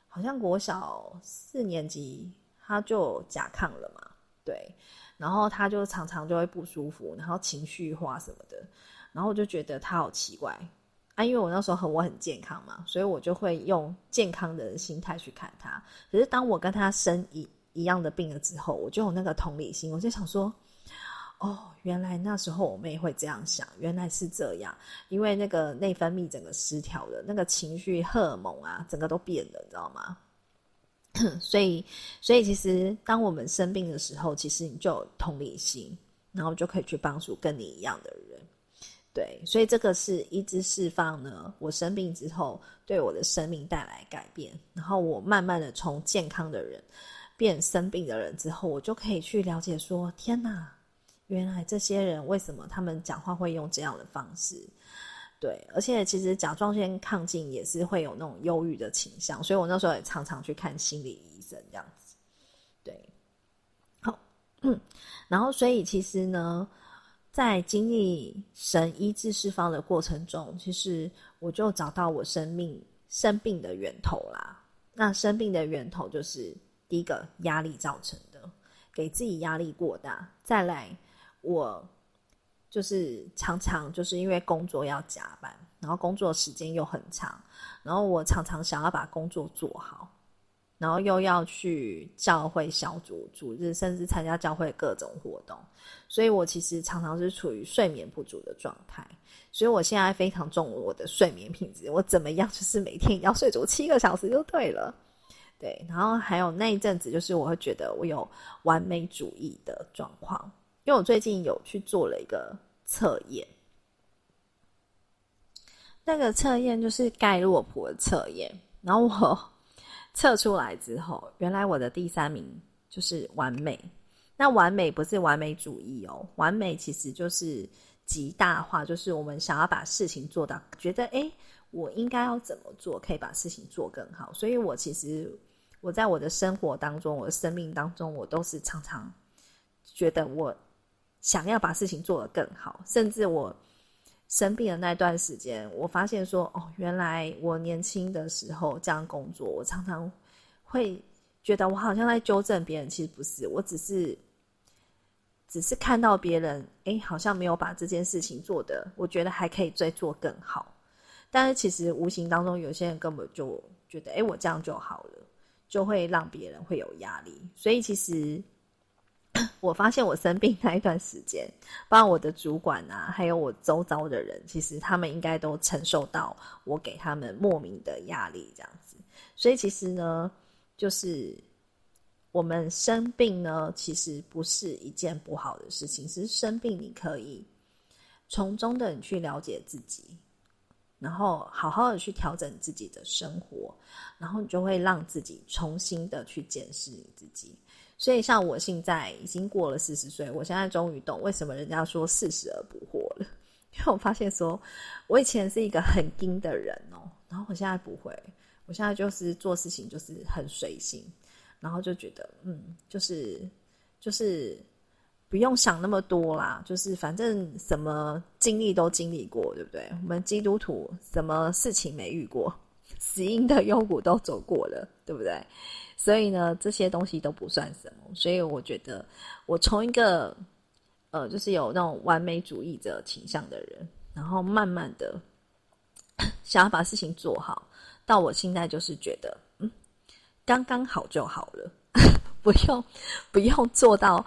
好像國小四年級，她就甲亢了嘛，對。然後他就常常就會不舒服，然後情緒化什麼的，然後我就覺得他好奇怪啊，因為我那時候和我很健康嘛，所以我就會用健康的心態去看他。可是當我跟他生一一樣的病了之後，我就有那個同理心，我就想說，哦，原來那時候我妹妹會這樣想，原來是這樣，因為那個內分泌整個失調了，那個情緒荷爾蒙啊，整個都變了，你知道嗎？ [coughs] 所以，所以其實，當我們生病的時候，其實你就有同理心，然後就可以去幫助跟你一樣的人。對，所以這個是醫治釋放呢。我生病之後，對我的生命帶來改變，然後我慢慢的從健康的人變生病的人之後，我就可以去了解說：天吶，原來這些人為什麼他們講話會用這樣的方式？對，而且其實甲狀腺亢進也是會有那種憂鬱的傾向，所以我那時候也常常去看心理醫生這樣子。對，好， [coughs] 然後所以其實呢，在經歷神醫治釋放的過程中，其實我就找到我生命生病的源頭啦。那生病的源頭就是第一個壓力造成的，給自己壓力過大，再來我。就是常常就是因為工作要加班，然後工作時間又很長，然後我常常想要把工作做好，然後又要去教會小組、組織，甚至參加教會各種活動，所以我其實常常是處於睡眠不足的狀態。所以我現在非常重視我的睡眠品質，我怎麼樣就是每天要睡足七個小時就對了。對，然後還有那一陣子，就是我會覺得我有完美主義的狀況。因為我最近有去做了一個測驗，那個測驗就是蓋洛普的測驗，然後我測出來之後，原來我的第三名就是完美。那完美不是完美主義哦，完美其實就是極大化，就是我們想要把事情做到，覺得哎，我應該要怎麼做，可以把事情做更好。所以我其實我在我的生活當中，我的生命當中，我都是常常覺得我。想要把事情做得更好，甚至我生病的那段時間，我發現說，哦，原來我年輕的時候這樣工作，我常常會覺得我好像在糾正別人，其實不是，我只是只是看到別人，欸，好像沒有把這件事情做得，我覺得還可以再做更好，但是其實無形當中有些人根本就覺得，欸，我這樣就好了，就會讓別人會有壓力，所以其實。 [laughs] 我發現我生病那一段時間，包括我的主管啊，還有我周遭的人，其實他們應該都承受到我給他們莫名的壓力這樣子。所以其實呢，就是我們生病呢，其實不是一件不好的事情。其實生病你可以從中的你去了解自己，然後好好的去調整自己的生活，然後你就會讓自己重新的去檢視你自己。所以，像我現在已經過了四十歲，我現在終於懂為什麼人家說四十而不惑了。因為我發現說，說我以前是一個很精的人哦，然後我現在不會，我現在就是做事情就是很隨性，然後就覺得，嗯，就是就是不用想那麼多啦，就是反正什麼經歷都經歷過，對不對？我們基督徒什麼事情沒遇過？死蔭的幽谷都走過了，對不對？所以呢，這些東西都不算什麼。所以我覺得，我從一個呃，就是有那種完美主義者傾向的人，然後慢慢的想要把事情做好，到我現在就是覺得，嗯，剛剛好就好了， [laughs] 不用不用做到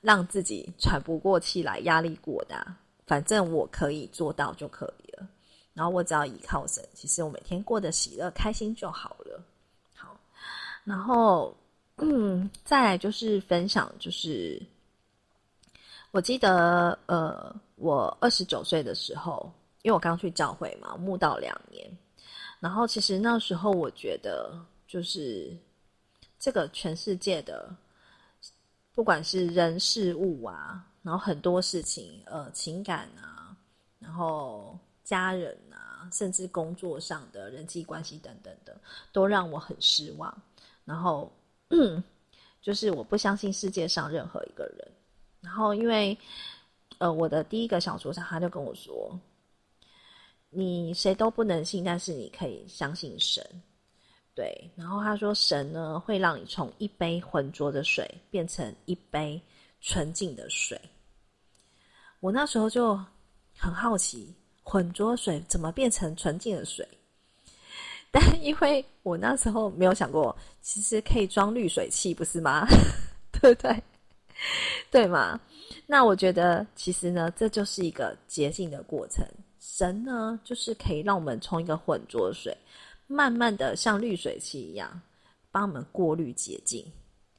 讓自己喘不過氣來，壓力過大，反正我可以做到就可以了。然後我只要依靠神，其實我每天過得喜樂開心就好了。然後，嗯，再來就是分享，就是我記得呃，我二十九歲的時候，因為我剛去教會嘛，慕道兩年。然後其實那時候我覺得，就是這個全世界的，不管是人事物啊，然後很多事情，呃，情感啊，然後家人啊，甚至工作上的人際關係等等的，都讓我很失望。然後，嗯，就是我不相信世界上任何一個人。然後，因為呃，我的第一個小組長他就跟我說：“你誰都不能信，但是你可以相信神。”對。然後他說：“神呢，會讓你從一杯渾濁的水變成一杯純淨的水。”我那時候就很好奇，渾濁水怎麼變成純淨的水？但因為我那時候沒有想過，其實可以裝濾水器，不是嗎？ [laughs] 對不對？對嗎？那我覺得，其實呢，這就是一個潔淨的過程。神呢，就是可以讓我們沖一個渾濁水，慢慢的像濾水器一樣，幫我們過濾潔淨。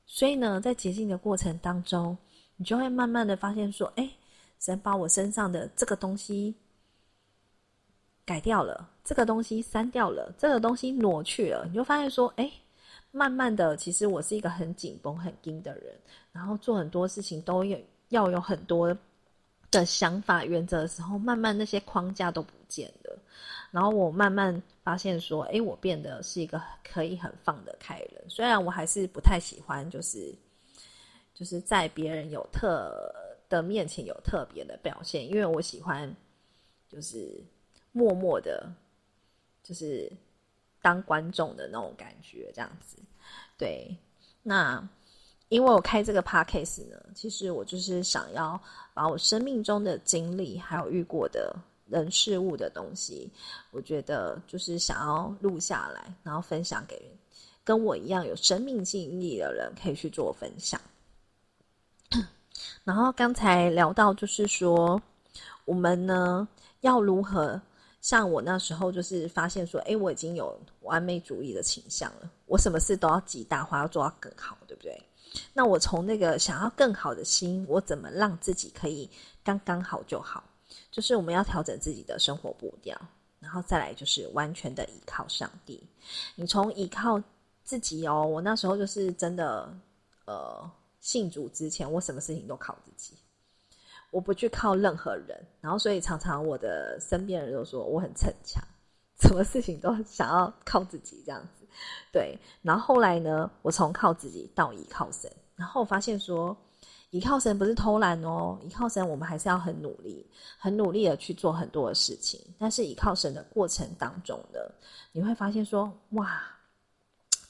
所以呢，在潔淨的過程當中，你就會慢慢的發現說，哎，神把我身上的這個東西改掉了。這個東西刪掉了，這個東西挪去了，你就發現說，哎，慢慢的，其實我是一個很緊繃、很硬的人，然後做很多事情都有要有很多的想法、原則的時候，慢慢那些框架都不見了，然後我慢慢發現說，哎，我變得是一個可以很放得開的人，雖然我還是不太喜歡，就是就是在別人有特的面前有特別的表現，因為我喜歡就是默默的。就是當觀眾的那種感覺，這樣子。對，那因為我開這個 podcast 呢，其實我就是想要把我生命中的經歷，還有遇過的人事物的東西，我覺得就是想要錄下來，然後分享給跟我一樣有生命經歷的人，可以去做分享。然後剛才聊到，就是說我們呢要如何？像我那時候就是發現說，誒，我已經有完美主義的傾向了，我什麼事都要極大化，要做到更好，對不對？那我從那個想要更好的心，我怎麼讓自己可以剛剛好就好？就是我們要調整自己的生活步調，然後再來就是完全的依靠上帝。你從依靠自己哦，我那時候就是真的呃，信主之前我什麼事情都靠自己。我不去靠任何人，然後所以常常我的身邊人都說我很逞強，什麼事情都想要靠自己這樣子，對。然後後來呢，我從靠自己到依靠神，然後我發現說，依靠神不是偷懶哦，依靠神我們還是要很努力，很努力的去做很多的事情。但是依靠神的過程當中呢，你會發現說，哇，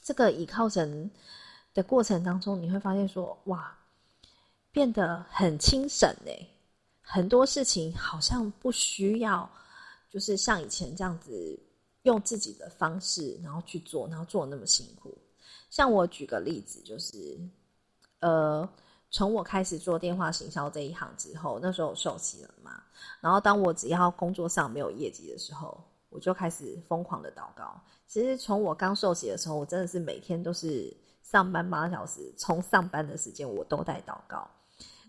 這個依靠神的過程當中，你會發現說，哇，變得很輕省呢。很多事情好像不需要，就是像以前這樣子用自己的方式，然後去做，然後做得那麼辛苦。像我舉個例子，就是，呃，從我開始做電話行銷這一行之後，那時候我受洗了嘛，然後當我只要工作上沒有業績的時候，我就開始瘋狂的禱告。其實從我剛受洗的時候，我真的是每天都是上班八小時，從上班的時間我都在禱告。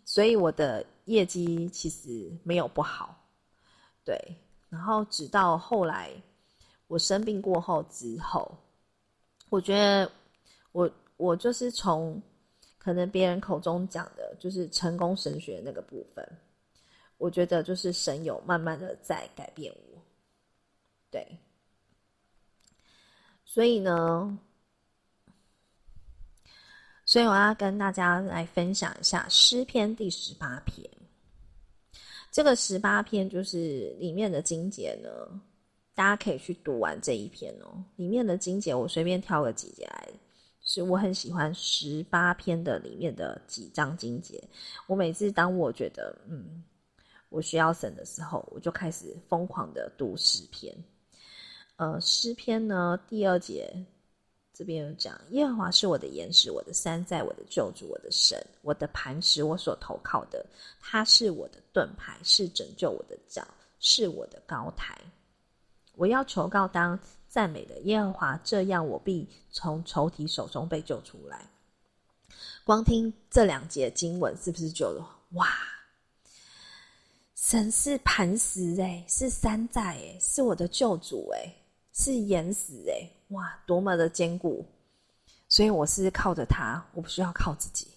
所以我的業績其實沒有不好，對。然後直到後來我生病過後之後，我覺得我我就是從可能別人口中講的，就是成功神學那個部分，我覺得就是神有慢慢的在改變我，對。所以呢。所以我要跟大家來分享一下詩篇第十八篇。這個十八篇就是裡面的經節呢，大家可以去讀完這一篇哦。裡面的經節我隨便挑個幾節來，是我很喜歡十八篇的裡面的幾章經節。我每次當我覺得嗯我需要省的時候，我就開始瘋狂的讀詩篇。呃，詩篇呢第二節。這邊有講，耶和華是我的岩石，我的山寨，我的救主，我的神，我的磐石，我所投靠的。他是我的盾牌，是拯救我的腳，是我的高台。我要求告，當讚美的耶和華，這樣我必從仇敵手中被救出來。光聽這兩節經文，是不是就哇？神是磐石、欸、是山寨、欸、是我的救主、欸、是岩石、欸。哇，多麼的堅固！所以我是靠着他，我不需要靠自己。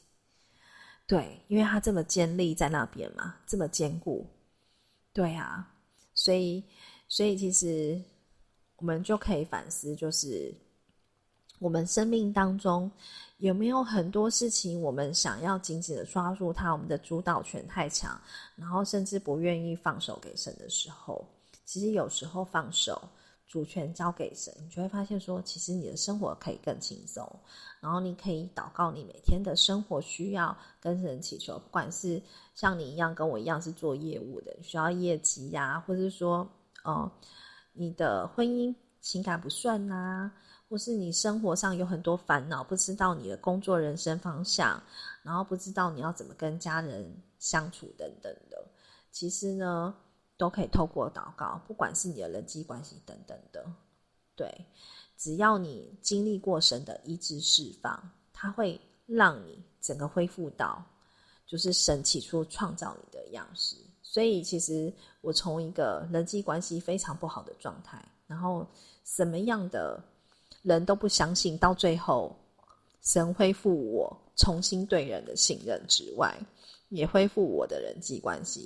對，因為他這麼堅立在那邊嘛，這麼堅固。對啊，所以，所以其實我們就可以反思，就是我們生命當中有沒有很多事情，我們想要緊緊的抓住它，我們的主導權太強，然後甚至不願意放手給神的時候，其實有時候放手。主權交給神，你就會發現說，其實你的生活可以更輕鬆，然後你可以禱告你每天的生活需要跟神祈求，不管是像你一樣跟我一樣是做業務的，你需要業績呀，啊，或是說，呃、嗯，你的婚姻情感不順啊，或是你生活上有很多煩惱，不知道你的工作人生方向，然後不知道你要怎麼跟家人相處等等的，其實呢。都可以透過禱告，不管是你的人際關係等等的，對，只要你經歷過神的醫治釋放，它會讓你整個恢復到就是神起初創造你的樣式。所以，其實我從一個人際關係非常不好的狀態，然後什麼樣的人都不相信，到最後神恢復我重新對人的信任之外，也恢復我的人際關係。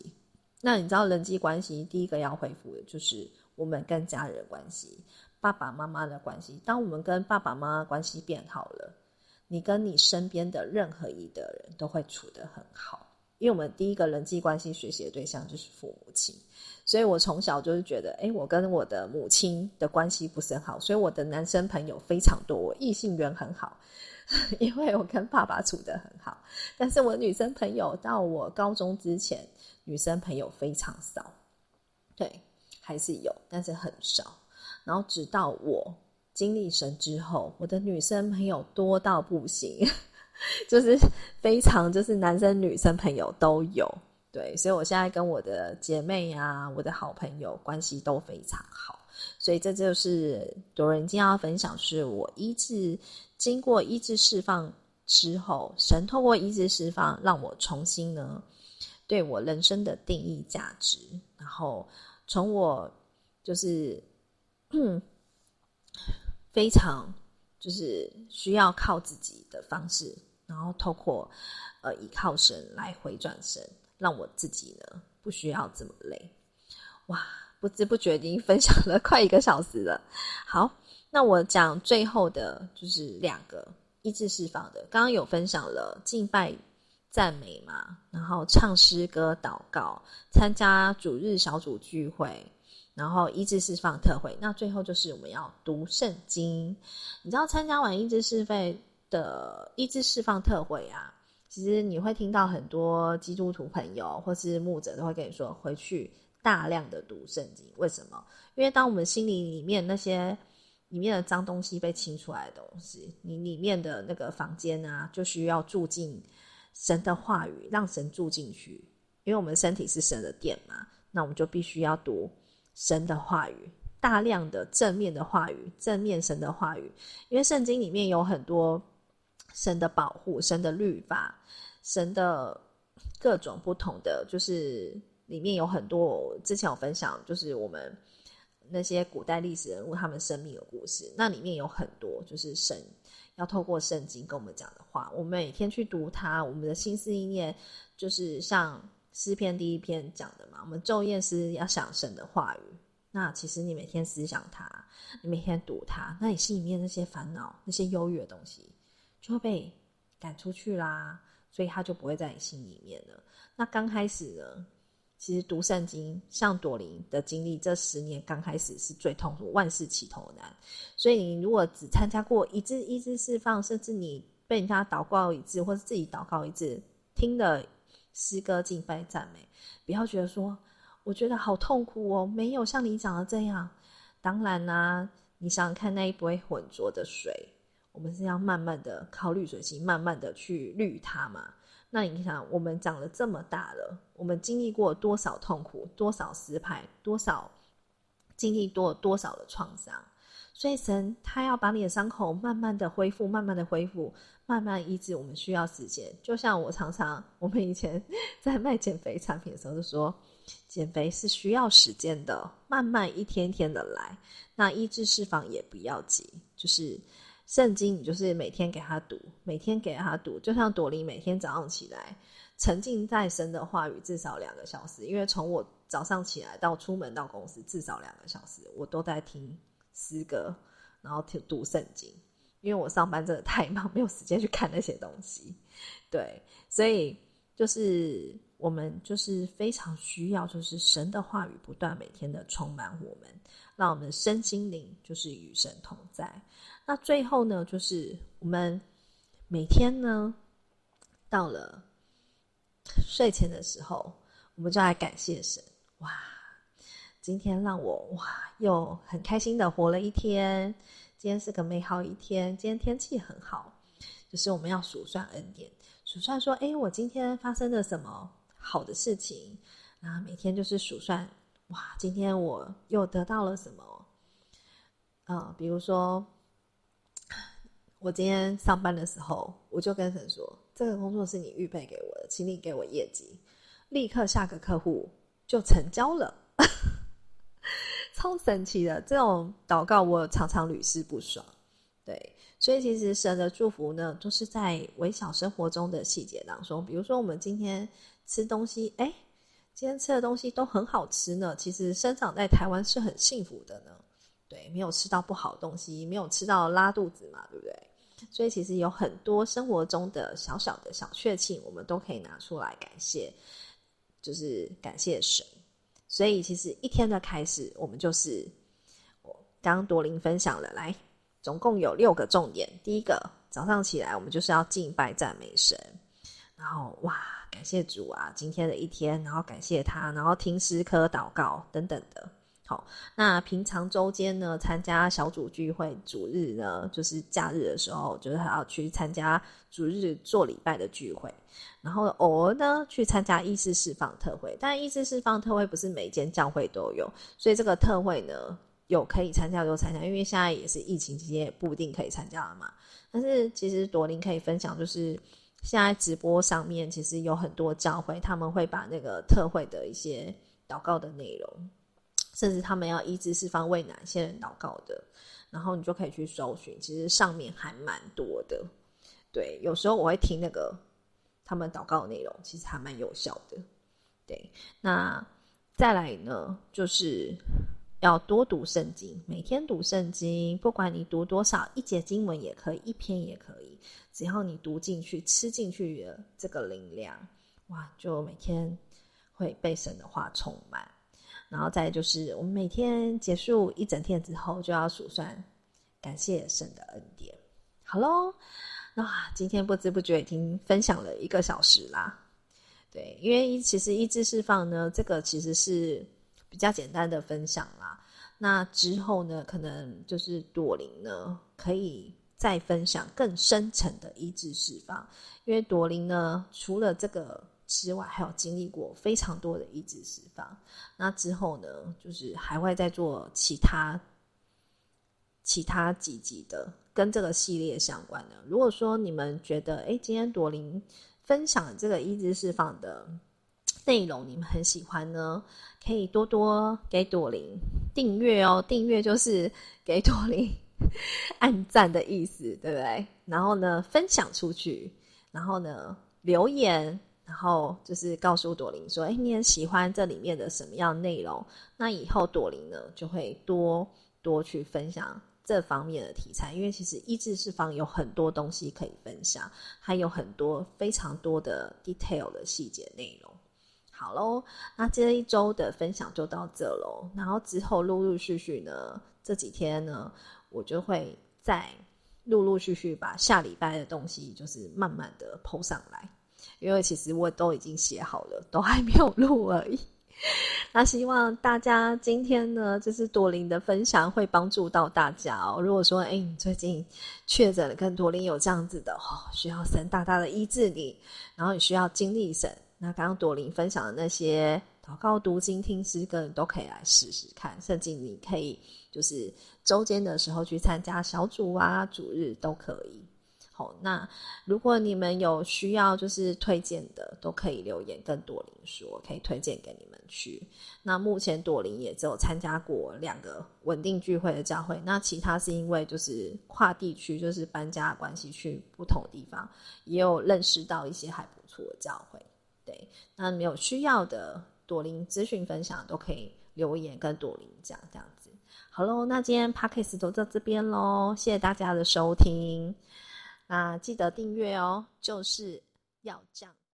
那你知道人際關係，第一個要恢復的就是我們跟家人關係，爸爸媽媽的關係。當我們跟爸爸媽媽關係變好了，你跟你身邊的任何一個人都會處得很好。因為我們第一個人際關係學習的對象就是父母親，所以我從小就是覺得，哎、欸，我跟我的母親的關係不是很好，所以我的男生朋友非常多，我異性緣很好， [laughs] 因為我跟爸爸處得很好。但是我女生朋友到我高中之前，女生朋友非常少，對，還是有，但是很少。然後直到我經歷神之後，我的女生朋友多到不行。就是非常，就是男生女生朋友都有，對，所以我現在跟我的姐妹啊，我的好朋友關係都非常好，所以這就是朵琳今天要分享，是我醫治，經過醫治釋放之後，神透過醫治釋放，讓我重新呢，對我人生的定義、價值，然後從我就是、嗯、非常。就是需要靠自己的方式，然後透過呃倚靠神來回轉神，讓我自己呢不需要這麼累。哇，不知不覺已經分享了快一個小時了。好，那我講最後的就是兩個醫治釋放的，剛剛有分享了敬拜、讚美嘛，然後唱詩歌、禱告、參加主日小組聚會，然後醫治釋放特會，那最後就是我們要讀聖經。你知道參加完醫治釋放的醫治釋放特會啊，其實你會聽到很多基督徒朋友或是牧者都會跟你說，回去大量的讀聖經。為什麼？因為當我們心裡裡面那些裡面的髒東西被清出來的東西，你裡面的那個房間啊，就需要住進神的話語，讓神住進去。因為我們身體是神的殿嘛，那我們就必須要讀。神的話語，大量的正面的話語，正面神的話語，因為聖經裡面有很多神的保護、神的律法、神的各種不同的，就是裡面有很多。之前我分享，就是我們那些古代歷史人物他們生命的故事，那裡面有很多就是神要透過聖經跟我們講的話。我們每天去讀它，我們的心思意念就是像。詩篇第一篇講的嘛，我們晝夜是要想神的話語。那其實你每天思想它，你每天讀它，那你心裡面那些煩惱、那些憂鬱的東西，就會被趕出去啦。所以它就不會在你心裡面了。那剛開始呢，其實讀聖經，像朵琳的經歷，這十年剛開始是最痛苦，萬事起頭難。所以你如果只參加過一次一次釋放，甚至你被人家禱告一次，或是自己禱告一次，聽的。詩歌敬拜讚美，不要覺得說，我覺得好痛苦哦，沒有像你講的這樣。當然啊，你想看那一杯渾濁的水，我們是要慢慢的靠濾水器，慢慢的去濾它嘛。那你想，我們長了這麼大了，我們經歷過多少痛苦，多少失敗，多少經歷過多，多少的創傷，所以神他要把你的傷口慢慢的恢復，慢慢的恢復。慢慢醫治，我們需要時間。就像我常常，我們以前在賣減肥產品的時候，就說減肥是需要時間的，慢慢一天天的來。那醫治釋放也不要急，就是聖經，你就是每天給他讀，每天給他讀。就像朵琳每天早上起來，沉浸在神的話語至少兩個小時，因為從我早上起來到出門到公司至少兩個小時，我都在聽詩歌，然後聽讀聖經。因為我上班真的太忙，沒有時間去看那些東西，對，所以就是我們就是非常需要，就是神的話語不斷每天的充滿我們，讓我們身心靈就是與神同在。那最後呢，就是我們每天呢到了睡前的時候，我們就來感謝神，哇，今天讓我哇又很開心的活了一天。今天是個美好一天，今天天氣很好，就是我們要數算恩典，數算說，哎，我今天發生了什麼好的事情？然後每天就是數算，哇，今天我又得到了什麼？啊、呃，比如說，我今天上班的時候，我就跟神說，這個工作是你預備給我的，請你給我業績，立刻下個客戶就成交了。超神奇的，這種禱告，我常常屢試不爽。對，所以其實神的祝福呢，都是在微小生活中的細節當中。比如說，我們今天吃東西，哎，今天吃的東西都很好吃呢。其實生長在台灣是很幸福的呢。對，沒有吃到不好的東西，沒有吃到拉肚子嘛，對不對？所以其實有很多生活中的小小的、小確幸，我們都可以拿出來感謝，就是感謝神。所以其實一天的開始，我們就是我剛朵琳分享了，來總共有六個重點。第一個，早上起來我們就是要敬拜讚美神，然後哇，感謝主啊，今天的一天，然後感謝他，然後聽詩歌禱告等等的。那平常周間呢，參加小組聚會；主日呢，就是假日的時候，就是還要去參加主日做禮拜的聚會。然後偶爾呢，去參加醫治釋放特會。但醫治釋放特會不是每一間教會都有，所以這個特會呢，有可以參加就參加，因為現在也是疫情期間，也不一定可以參加了嘛。但是其實朵琳可以分享，就是現在直播上面其實有很多教會，他們會把那個特會的一些禱告的內容。甚至他們要醫治四方，為哪些人禱告的，然後你就可以去搜尋，其實上面還蠻多的。對，有時候我會聽那個他們禱告的內容，其實還蠻有效的。對，那再來呢，就是要多讀聖經，每天讀聖經，不管你讀多少，一節經文也可以，一篇也可以，只要你讀進去、吃進去的這個靈糧，哇，就每天會被神的話充滿。然後再就是，我們每天結束一整天之後，就要數算感謝神的恩典。好咯，那今天不知不覺已經分享了一個小時啦。對，因為其實醫治釋放呢，這個其實是比較簡單的分享啦。那之後呢，可能就是朵琳呢可以再分享更深層的醫治釋放，因為朵琳呢除了這個。之外，還有經歷過非常多的醫治釋放。那之後呢，就是還會再做其他其他幾集的跟這個系列相關的。如果說你們覺得，哎、欸，今天朵琳分享這個醫治釋放的內容，你們很喜歡呢，可以多多給朵琳訂閱哦。訂閱就是給朵琳按讚的意思，對不對？然後呢，分享出去，然後呢，留言。然後就是告訴朵琳說：“哎，你很喜歡這裡面的什麼樣的內容？那以後朵琳呢就會多多去分享這方面的題材，因為其實醫治釋放有很多東西可以分享，還有很多非常多的 detail 的細節內容。好咯，那這一周的分享就到這咯，然後之後陸陸續續呢，這幾天呢，我就會再陸陸續續把下禮拜的東西，就是慢慢的 po 上來。”因為其實我都已經寫好了，都還沒有錄而已。 [laughs] 那希望大家今天呢，就是朵琳的分享會幫助到大家哦。如果說，哎、欸，你最近確診了，跟朵琳有這樣子的哦，需要神大大的醫治你，然後也需要經歷神。那剛剛朵琳分享的那些禱告讀、讀經、聽詩歌，你都可以來試試看，甚至你可以就是周間的時候去參加小組啊，主日都可以。那如果你們有需要，就是推薦的，都可以留言跟朵琳說，可以推薦給你們去。那目前朵琳也只有參加過兩個穩定聚會的教會，那其他是因為就是跨地區，就是搬家的關係去不同的地方，也有認識到一些還不錯的教會。對，那沒有需要的，朵琳資訊分享都可以留言跟朵琳講，這樣子。好嘍，那今天 Podcast 就在這邊嘍，謝謝大家的收聽。那、啊、記得訂閱哦，就是要這樣。